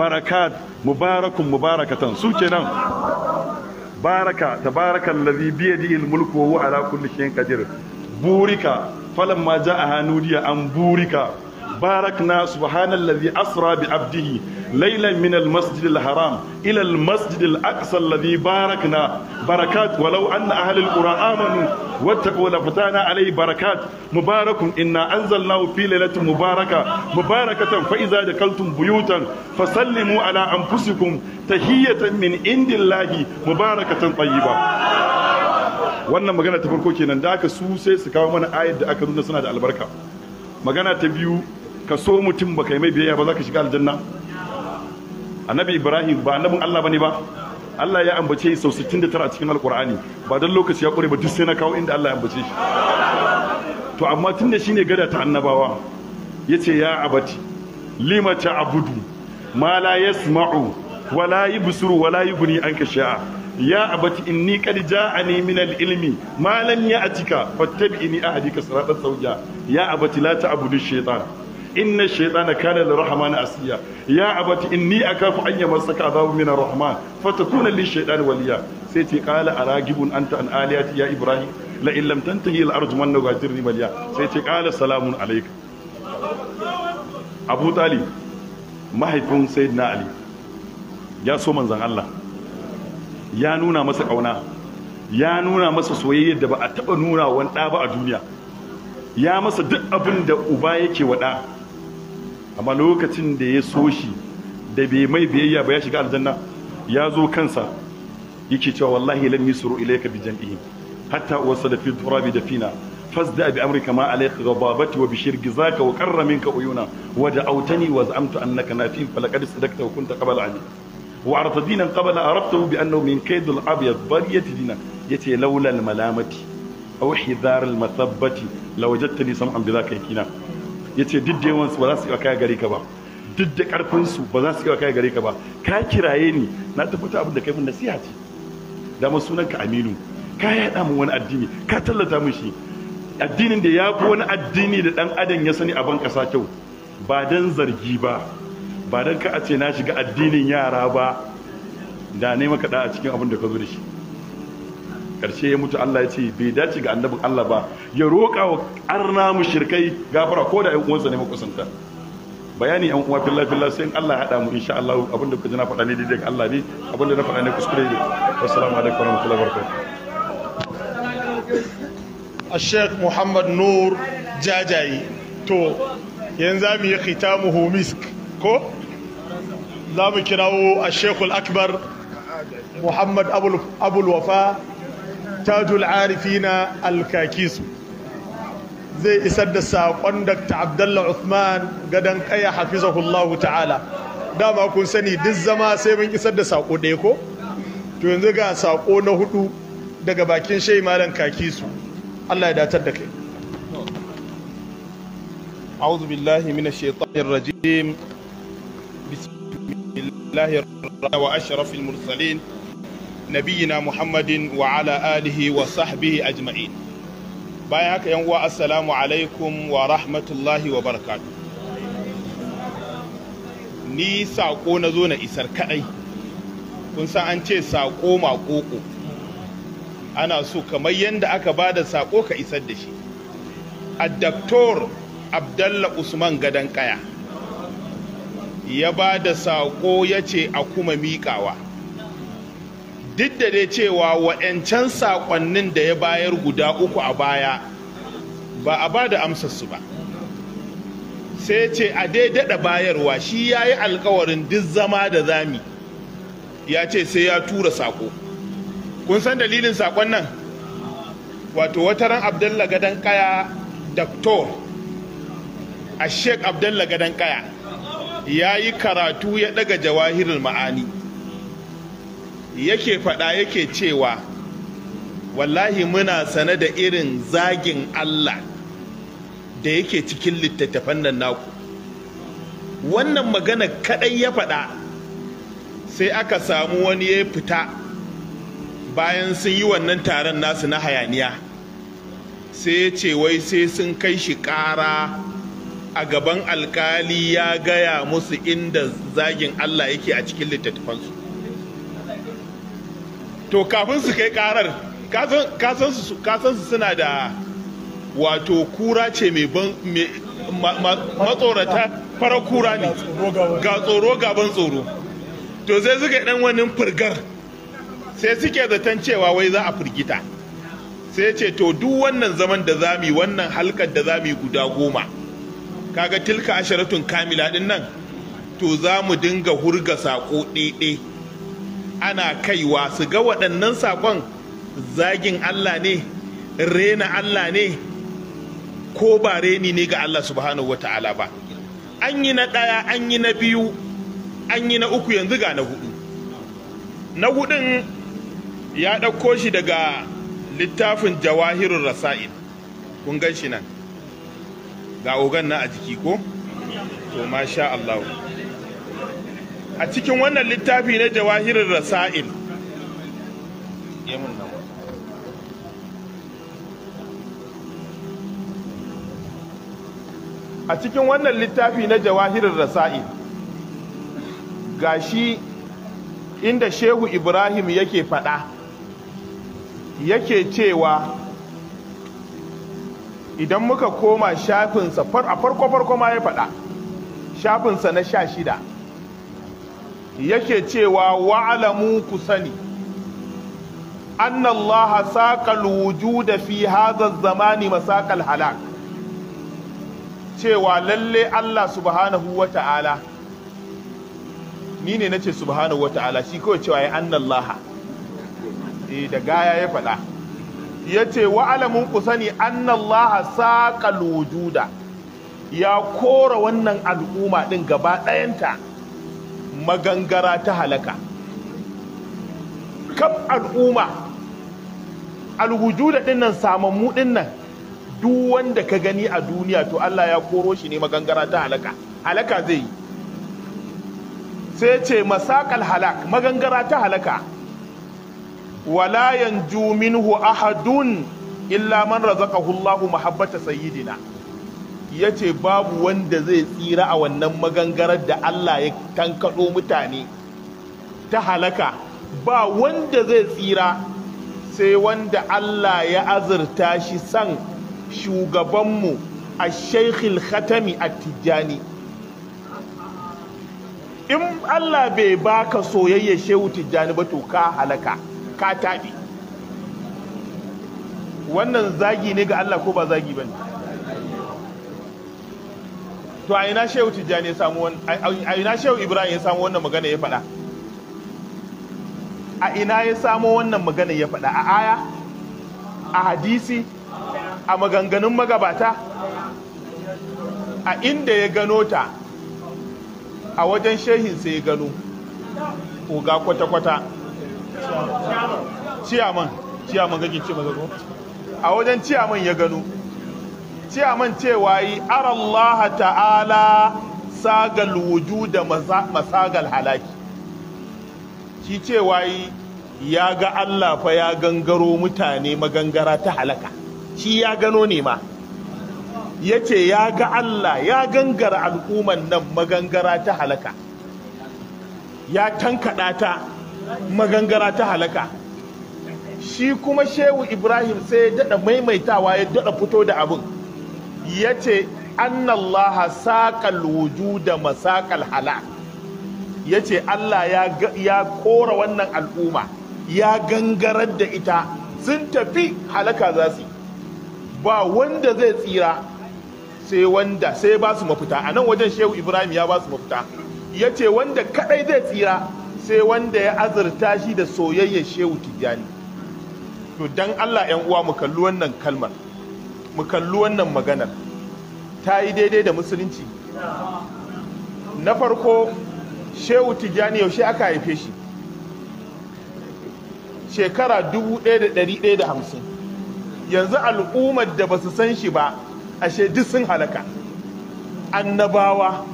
barakat mubarakun mubarakatan su kenan baraka tabarakal ladhi bi yadihi al-mulku wa huwa ala kulli shay'in qadir burika falamma ja'aha nudiya an burika باركنا سبحان الذي أسرى بعبده ليلا من المسجد الحرام إلى المسجد الأقصى الذي باركنا بركات ولو أن أهل القرى آمنوا واتقوا لفتانا عليه بركات مبارك إنا أنزلناه في ليلة مباركة مباركة فإذا دخلتم بيوتا فسلموا على أنفسكم تهية من عند الله مباركة طيبة wannan magana ta farko kenan da aka su sai su kawo mana ayar da aka nuna suna da albarka magana ta biyu ka so mutum baka yi mai biyayya ba za ka shiga aljanna annabi ibrahim ba annabin allah bane ba allah ya ambace shi sau 69 a cikin alkur'ani ba dan lokaci ya kure ba duk sai na kawo inda allah ya ambace shi to amma tunda shine gada ta annabawa yace ya abati lima ta'budu ma la yasma'u wa la yubsiru wa la yughni anka ya abati inni qad ja'ani min al-ilmi ma lam ya'tika fattabi'ni ahdika siratan sawja ya abati la ta'budu ash-shaytan inna shaytana kana lirrahman asiya ya abati inni akafu an yamassaka adhabu min arrahman fatakuna lishaytani waliya sai ce qala aragibun anta an aliyati ya ibrahim la in lam tantahi al arju man najirni maliya sai ce qala salamun alayka abu talib mahaifin sayyidina ali ya so manzon Allah ya nuna masa kauna ya nuna masa soyayyar da ba a taba nuna wani ɗa ba a duniya ya masa duk abin da uba yake waɗa amma lokacin da ya so shi da bai mai biyayya ba ya shiga aljanna ya zo kansa yake cewa wallahi lam yusru ilayka bi jam'ihi hatta wasala fi turabi fina fasda bi amrika ma alayka ghadabati wa bi shirki zaka wa qarra minka uyuna wa da'awtani wa za'amtu annaka nafi falaqad sadaqta wa kunta qabla ani wa arata dinan qabla arabtahu bi annahu min kayd abyad bariyati dinan yace laula al malamati aw hidhar al mathabbati lawajadtani sam'an bi dhaka yakina yace duk da yawansu ba za su iya kaya gare ka ba duk da karfinsu ba za su iya kaya gare ka ba ka kiraye ni na tabbata abin da kai min nasiha ce da ma sunanka Aminu ka yaɗa min wani addini ka tallata min shi addinin da ya fi wani addini da dan adam ya sani a ban ƙasa kyau ba dan zargi ba ba dan ka a ce na shiga addinin yara ba da ne maka da a cikin abin da ka zo da shi karshe ya mutu Allah ya ce bai dace ga annabin Allah ba ya roƙa wa arna mushrikai gafara ko da ƴan uwansa ne makusanta bayani ƴan uwa fillah fillah sai Allah ya hada mu insha Allah da kuka ji na faɗa ne daidai ga Allah ne da na faɗa ne kuskure ne assalamu alaikum warahmatullahi wabarakatuh الشيخ محمد نور جاجاي تو ينزامي ختامه ko za mu kirawo a الأكبر محمد muhammad abul wafa. tajul arifina alkakisu zai isar da saƙon dr abdullah uthman gadon kaya hafizahullahu ta'ala dama kun sani duk zama sai mun isar da saƙo ɗaya ko to yanzu ga saƙo na hudu daga bakin shai malam kakisu allah ya datar da kai أعوذ بالله من الشيطان الرجيم بسم الله الرحمن وأشرف المرسلين nabiyina muhammadin wa ala alihi wa sahbihi ajma'in bayan haka yan uwa assalamu alaikum wa rahmatullahi wa barakatu ni sako na zo na isar kaɗai kun san an ce saƙo maƙoƙo ana so kamar yadda aka ba da saƙo ka isar da shi a daktor abdalla usman gadon ƙaya ya ba da saƙo ya ce a kuma miƙawa duk da dai cewa wa'yancan saƙonnin da ya bayar guda uku a baya ba a ba da amsarsu ba sai ce a dai daɗa bayarwa shi ya yi alkawarin duk zama da zami ya ce sai ya tura saƙo kun san dalilin saƙon nan wato wataran abdalla gadon kaya doktor a sheik abdalla gadon kaya ya yi karatu ya ɗaga jawahirin ma'ani yake faɗa yake cewa wallahi muna sane da irin zagin Allah da yake cikin littattafan nan naku wannan magana kaɗai ya faɗa sai aka samu wani ya fita bayan sun yi wannan taron nasu na hayaniya sai ya ce wai sai sun kai shi ƙara a gaban alkali ya gaya musu inda zagin Allah yake a cikin littattafansu to kafin su kai karar kasan su suna da wato kura ce mai ban matsorata fara kura ne ga tsoro gaban tsoro to sai suka dan wani firgar sai suke zaton cewa wai za a firgita sai ce to duk wannan zaman da zami wannan halkar da zami guda goma kaga tilka asharatun kamila din nan to za mu dinga hurga sako ɗaiɗai ana kaiwa su ga waɗannan saƙon zagin Allah ne rena Allah ne ko ba reni ne ga Allah subhanahu wata'ala ba an yi na ɗaya an yi na biyu an yi na uku yanzu ga na hudu na hudun ya ɗauko shi daga littafin jawahirun rasa'il kun gan shi nan ga ogan na a jiki ko to masha Allah a cikin wannan littafi na jawahirin rasa'il a cikin wannan littafi na jawahirin rasa'il gashi inda shehu ibrahim yake fada yake cewa idan muka koma shafinsa a farko-farko ma ya faɗa shafinsa na sha shida yake cewa wa'alamu ku sani annallaha saqal wujuda fi hadha zamani masaqal halak cewa lalle Allah subhanahu wa ta'ala, ni ne na ce subhanahu wa ta'ala, shi kawai cewa ya annallaha eh da gaya ya faɗa yace wa'alamun ku sani annallaha saqal wujuda ya kora wannan al'umma din gaba ɗayanta magangara ta halaka kaf al'umma alwujuda dinnan samammu dinnan duk wanda ka gani a duniya to Allah ya koro shi ne magangara ta halaka halaka zai yi sai ce masakal halak magangara ta halaka wala yanju minhu ahadun illa man razaqahu Allah mahabbata sayyidina ya ce babu wanda zai tsira a wannan magangarar da Allah ya tankaɗo mutane ta halaka ba wanda zai tsira sai wanda Allah ya azurta shi san shugabanmu a shaikhil khatami a tijjani in Allah bai baka soyayya shehu tijjani ba to ka halaka ka taɓi wannan zagi ne ga Allah ko ba zagi ba ne to a ina shehu tijjani ya samu a ina shehu ibrahim ya samu wannan magana ya faɗa a ina ya samo wannan magana ya faɗa a aya a hadisi a maganganun magabata a inda ya gano ta a wajen shehin sai ya gano ga kwata-kwata ciyaman ciyaman gagin ce mazago a wajen ciyaman ya gano ce cewa yi Allah ta'ala sagal da masagal halaki shi cewa yi ya ga Allah fa ya gangaro mutane magangara ta halaka shi ya gano ne ma ya ce ya ga Allah ya gangara al'umman nan magangara ta halaka ya tankaɗa ta magangara ta halaka shi kuma shehu ibrahim sai ya daɗa maimaitawa ya daɗa fito da abin ya ce annallaha saƙal wujuda masaƙal hala ya ce Allah ya kora wannan al'umma ya gangarar da ita sun tafi halaka za su ba wanda zai tsira sai wanda sai ba su mafita a nan wajen shehu ibrahim ya ba su mafita ya ce wanda kadai zai tsira sai wanda ya azurta shi da soyayyar shehu tijjani to don Allah 'yan uwa mu kalli wannan kalmar mu kalli wannan maganar ta yi daidai da musulunci na farko shehu tijjani yaushe aka haife shi shekara 1150 yanzu al'ummar da ba su san shi ba ashe duk sun halaka annabawa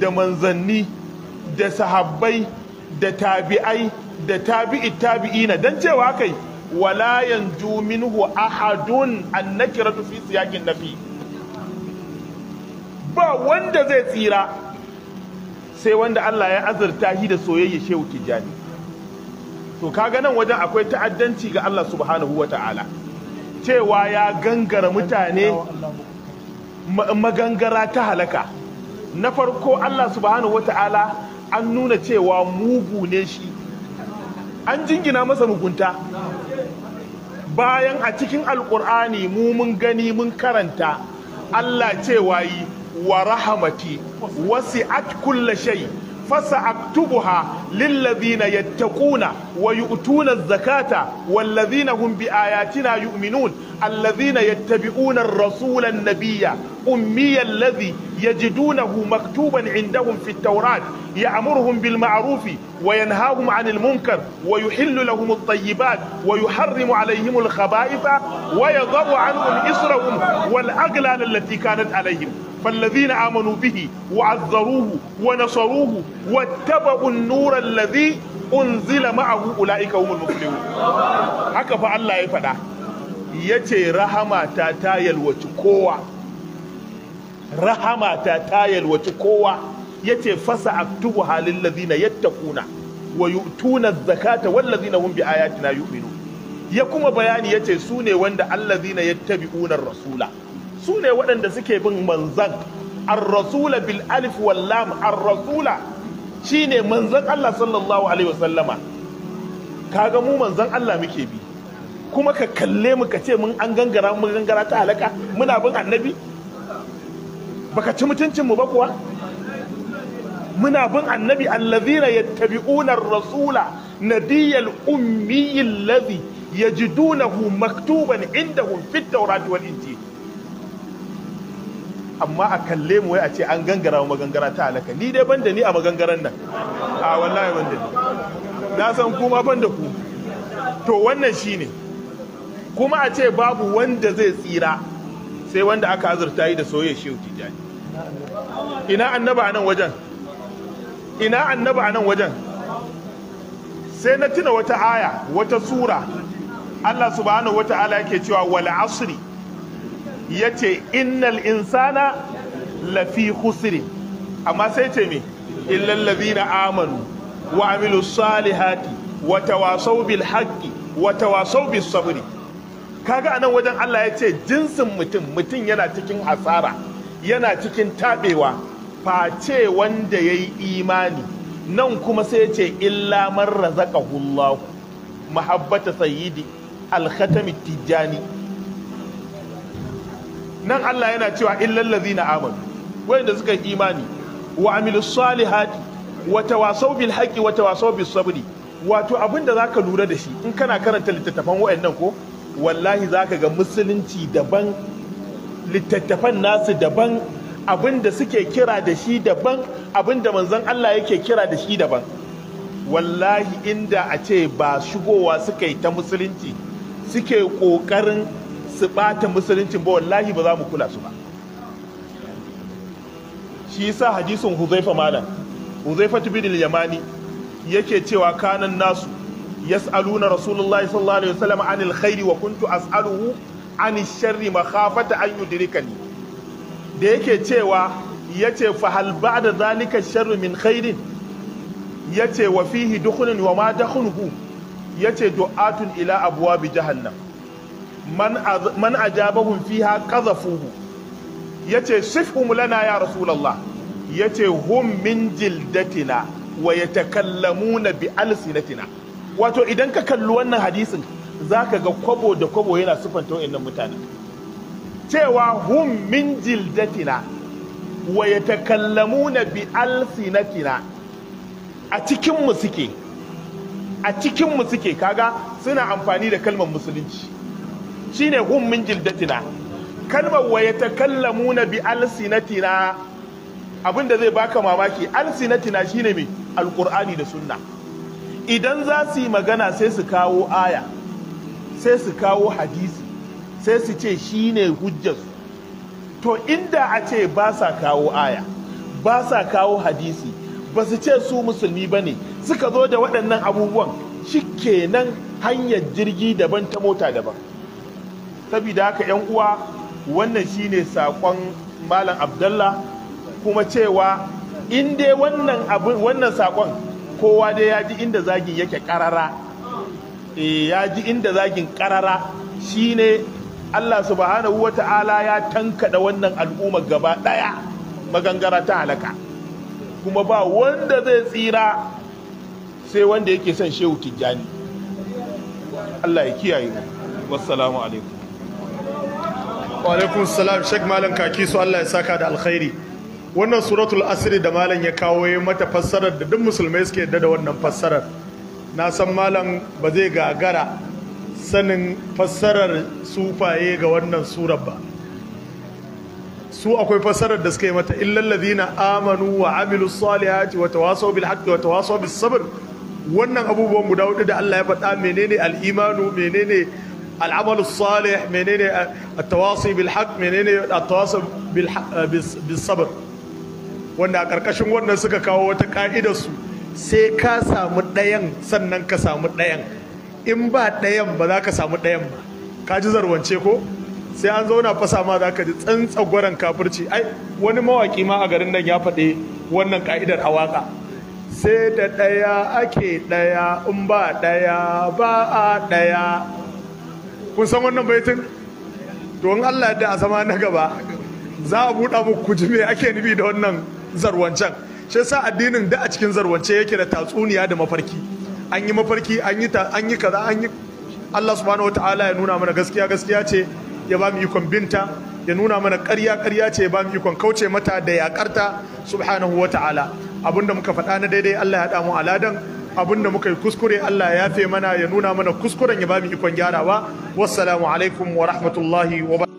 da manzanni da sahabbai da tabi'ai da tabi'i tabi'ina don cewa kai wala yanju minhu ahadun annakiratu fi siyaqin nafi ba wanda zai tsira sai wanda Allah ya azurta shi da soyayya shehu tijani to kaga nan wajen akwai ta'addanci ga Allah subhanahu ta'ala cewa ya gangara mutane magangara ta halaka na farko Allah subhanahu ta'ala an nuna cewa mugu ne shi an jingina masa mugunta bayan a cikin alkur'ani mu mun gani mun karanta Allah cewa yi wa rahamati wasi'at kulla shai." فسأكتبها للذين يتقون ويؤتون الزكاة والذين هم بآياتنا يؤمنون الذين يتبعون الرسول النبي أمي الذي يجدونه مكتوبا عندهم في التوراة يأمرهم بالمعروف وينهاهم عن المنكر ويحل لهم الطيبات ويحرم عليهم الخبائث ويضع عنهم اسرهم والأغلال التي كانت عليهم فالذين آمنوا به وعذروه ونصروه واتبعوا النور الذي أنزل معه أولئك هم المفلحون هكذا الله يفدا yace rahamata ta yalwaci kowa rahamata ta yalwaci kowa yace fasa aktubu halin ladina yattaquna wa yu'tuna zakata wal ladina hum bi ayatina yu'minun ya kuma bayani yace su ne wanda allazina yattabi'una rasula su ne waɗanda suke bin manzan ar-rasula bil alif wal lam ar-rasula shine manzan Allah sallallahu alaihi wasallama kaga mu manzan Allah muke bi kuma ka kalle mu ka ce mun an gangara mun gangara ta halaka muna bin annabi baka ci mutuncin mu ba kuwa muna bin annabi allazina yattabi'una ar-rasula nadiyal ummi allazi yajidunahu maktuban indahum fit tawrati wal injil amma a kalle mu wai a ce an gangara magangara ta halaka ni dai ban da ni a magangaran nan a wallahi ban da ni na san kuma ban da ku to wannan shine kuma a ce babu wanda zai tsira sai wanda aka azurta yi da soyayya shehu tijani ina annaba a nan wajen ina annaba a nan wajen sai na tuna wata aya wata sura Allah subhanahu wataala yake cewa wal asri ya ce innal insana lafi khusri amma sai ce me illal na amanu wa amilu salihati wa tawasaw bil haqqi wa tawasaw bis sabri kaga anan wajen Allah ya ce jinsin mutum mutum yana cikin hasara yana cikin tabewa face wanda yayi imani nan kuma sai ce illa man razaqahu Allah mahabbata sayyidi al Tijjani. tijani nan Allah yana cewa illal ladzina amanu wayanda suka yi imani wa amilus salihati wa tawasaw bil haqqi wa tawasaw bis sabri wato abinda za zaka lura da shi in kana karanta littattafan wayannan ko wallahi zaka ga musulunci daban littattafan nasu daban abinda suke kira da shi daban abinda manzon Allah yake kira da shi daban wallahi inda a ce ba shigowa suka yi ta musulunci suke ƙoƙarin su ɓata Musulunci ba wallahi ba za mu kula su ba shi yasa hadisin huzaifa malam huzaifa bin yamani yake cewa kanan nasu yas'aluna rasulullahi sallallahu alaihi wasallam anil khairi wa kuntu as'aluhu an sharri makhafata an yudrikani da yake cewa yace fa hal ba'da zalika sharru min khairin yace wa fihi dukhulun wa ma dakhuluhu yace du'atun ila abwabi jahannam man ajabahum fiha qadhafuhu yace sifhum lana ya rasulullah yace hum min jildatina wa yatakallamuna bi alsinatina wato idan ka kalli wannan hadisin zaka ga kwabo da kwabo yana sifanta wayannan mutane cewa hum min jildatina wa yatakallamuna bi alsinatina a cikin mu suke a cikin mu suke kaga suna amfani da kalmar musulunci shine hun min jildatina kalmar wa na bi alsinatina abinda zai baka mamaki alsinatina shine mai Alkur'ani da sunna idan za su yi magana sai su kawo aya sai su kawo hadisi sai su ce shine hujjasu, to inda a ce ba sa kawo aya ba sa kawo hadisi ba su ce su musulmi ba ne suka zo da waɗannan abubuwan shi kenan hanyar jirgi daban ta mota daban saboda haka yan uwa wannan shine sakon malam abdallah kuma cewa in dai wannan abin wannan sakon kowa dai ya ji inda zagin yake karara e eh, ya ji inda zagin karara shine Allah subhanahu wa ta'ala ya tankada wannan al'umma gaba daya magangara ta halaka kuma ba wanda zai tsira sai wanda yake son shehu tijjani Allah ya kiyaye mu wassalamu alaikum wa alaikun salam shek malam kaki su Allah ya saka da alkhairi wannan suratul asiri da malam ya kawo ya mata fassarar da duk musulmai suke yadda da wannan fassarar na san malam ba zai gagara sanin fassarar sufaye ga wannan surar ba su akwai fassarar da suka yi mata illallazina amanu wa amilu salihati wa tawasaw bil haqqi wa tawasaw bis sabr wannan abubuwan guda hudu da Allah ya faɗa menene al-imanu menene al'amalu salih menene at-tawasi bil menene at-tawasi bil sabr wanda a karkashin wannan suka kawo wata ka'idar su sai ka samu ɗayan sannan ka samu ɗayan in ba ɗayan ba za ka samu ɗayan ba ka ji zarwance ko sai an zauna fasa ma za ka ji tsantsagwaron kafirci ai wani mawaƙi ma a garin nan ya faɗi wannan ƙa'idar a waƙa sai da ɗaya ake ɗaya in ba ɗaya ba a ɗaya kun san wannan baitin to in Allah yadda a zama na gaba za a buɗa muku kuji ake nufi da wannan zarwancan shi yasa addinin da a cikin zarwance yake da tatsuniya da mafarki an yi mafarki an yi an yi kaza an yi Allah subhanahu wataala ya nuna mana gaskiya gaskiya ce ya ba mu ikon binta ya nuna mana ƙarya ƙarya ce ya ba mu ikon kauce mata da yakarta subhanahu wataala abinda muka faɗa na daidai Allah ya haɗa mu aladan abin da muka yi kuskure Allah ya yafe mana ya nuna mana kuskuren ya ba mu ikon gyarawa wassalamu alaikum wa rahmatullahi wa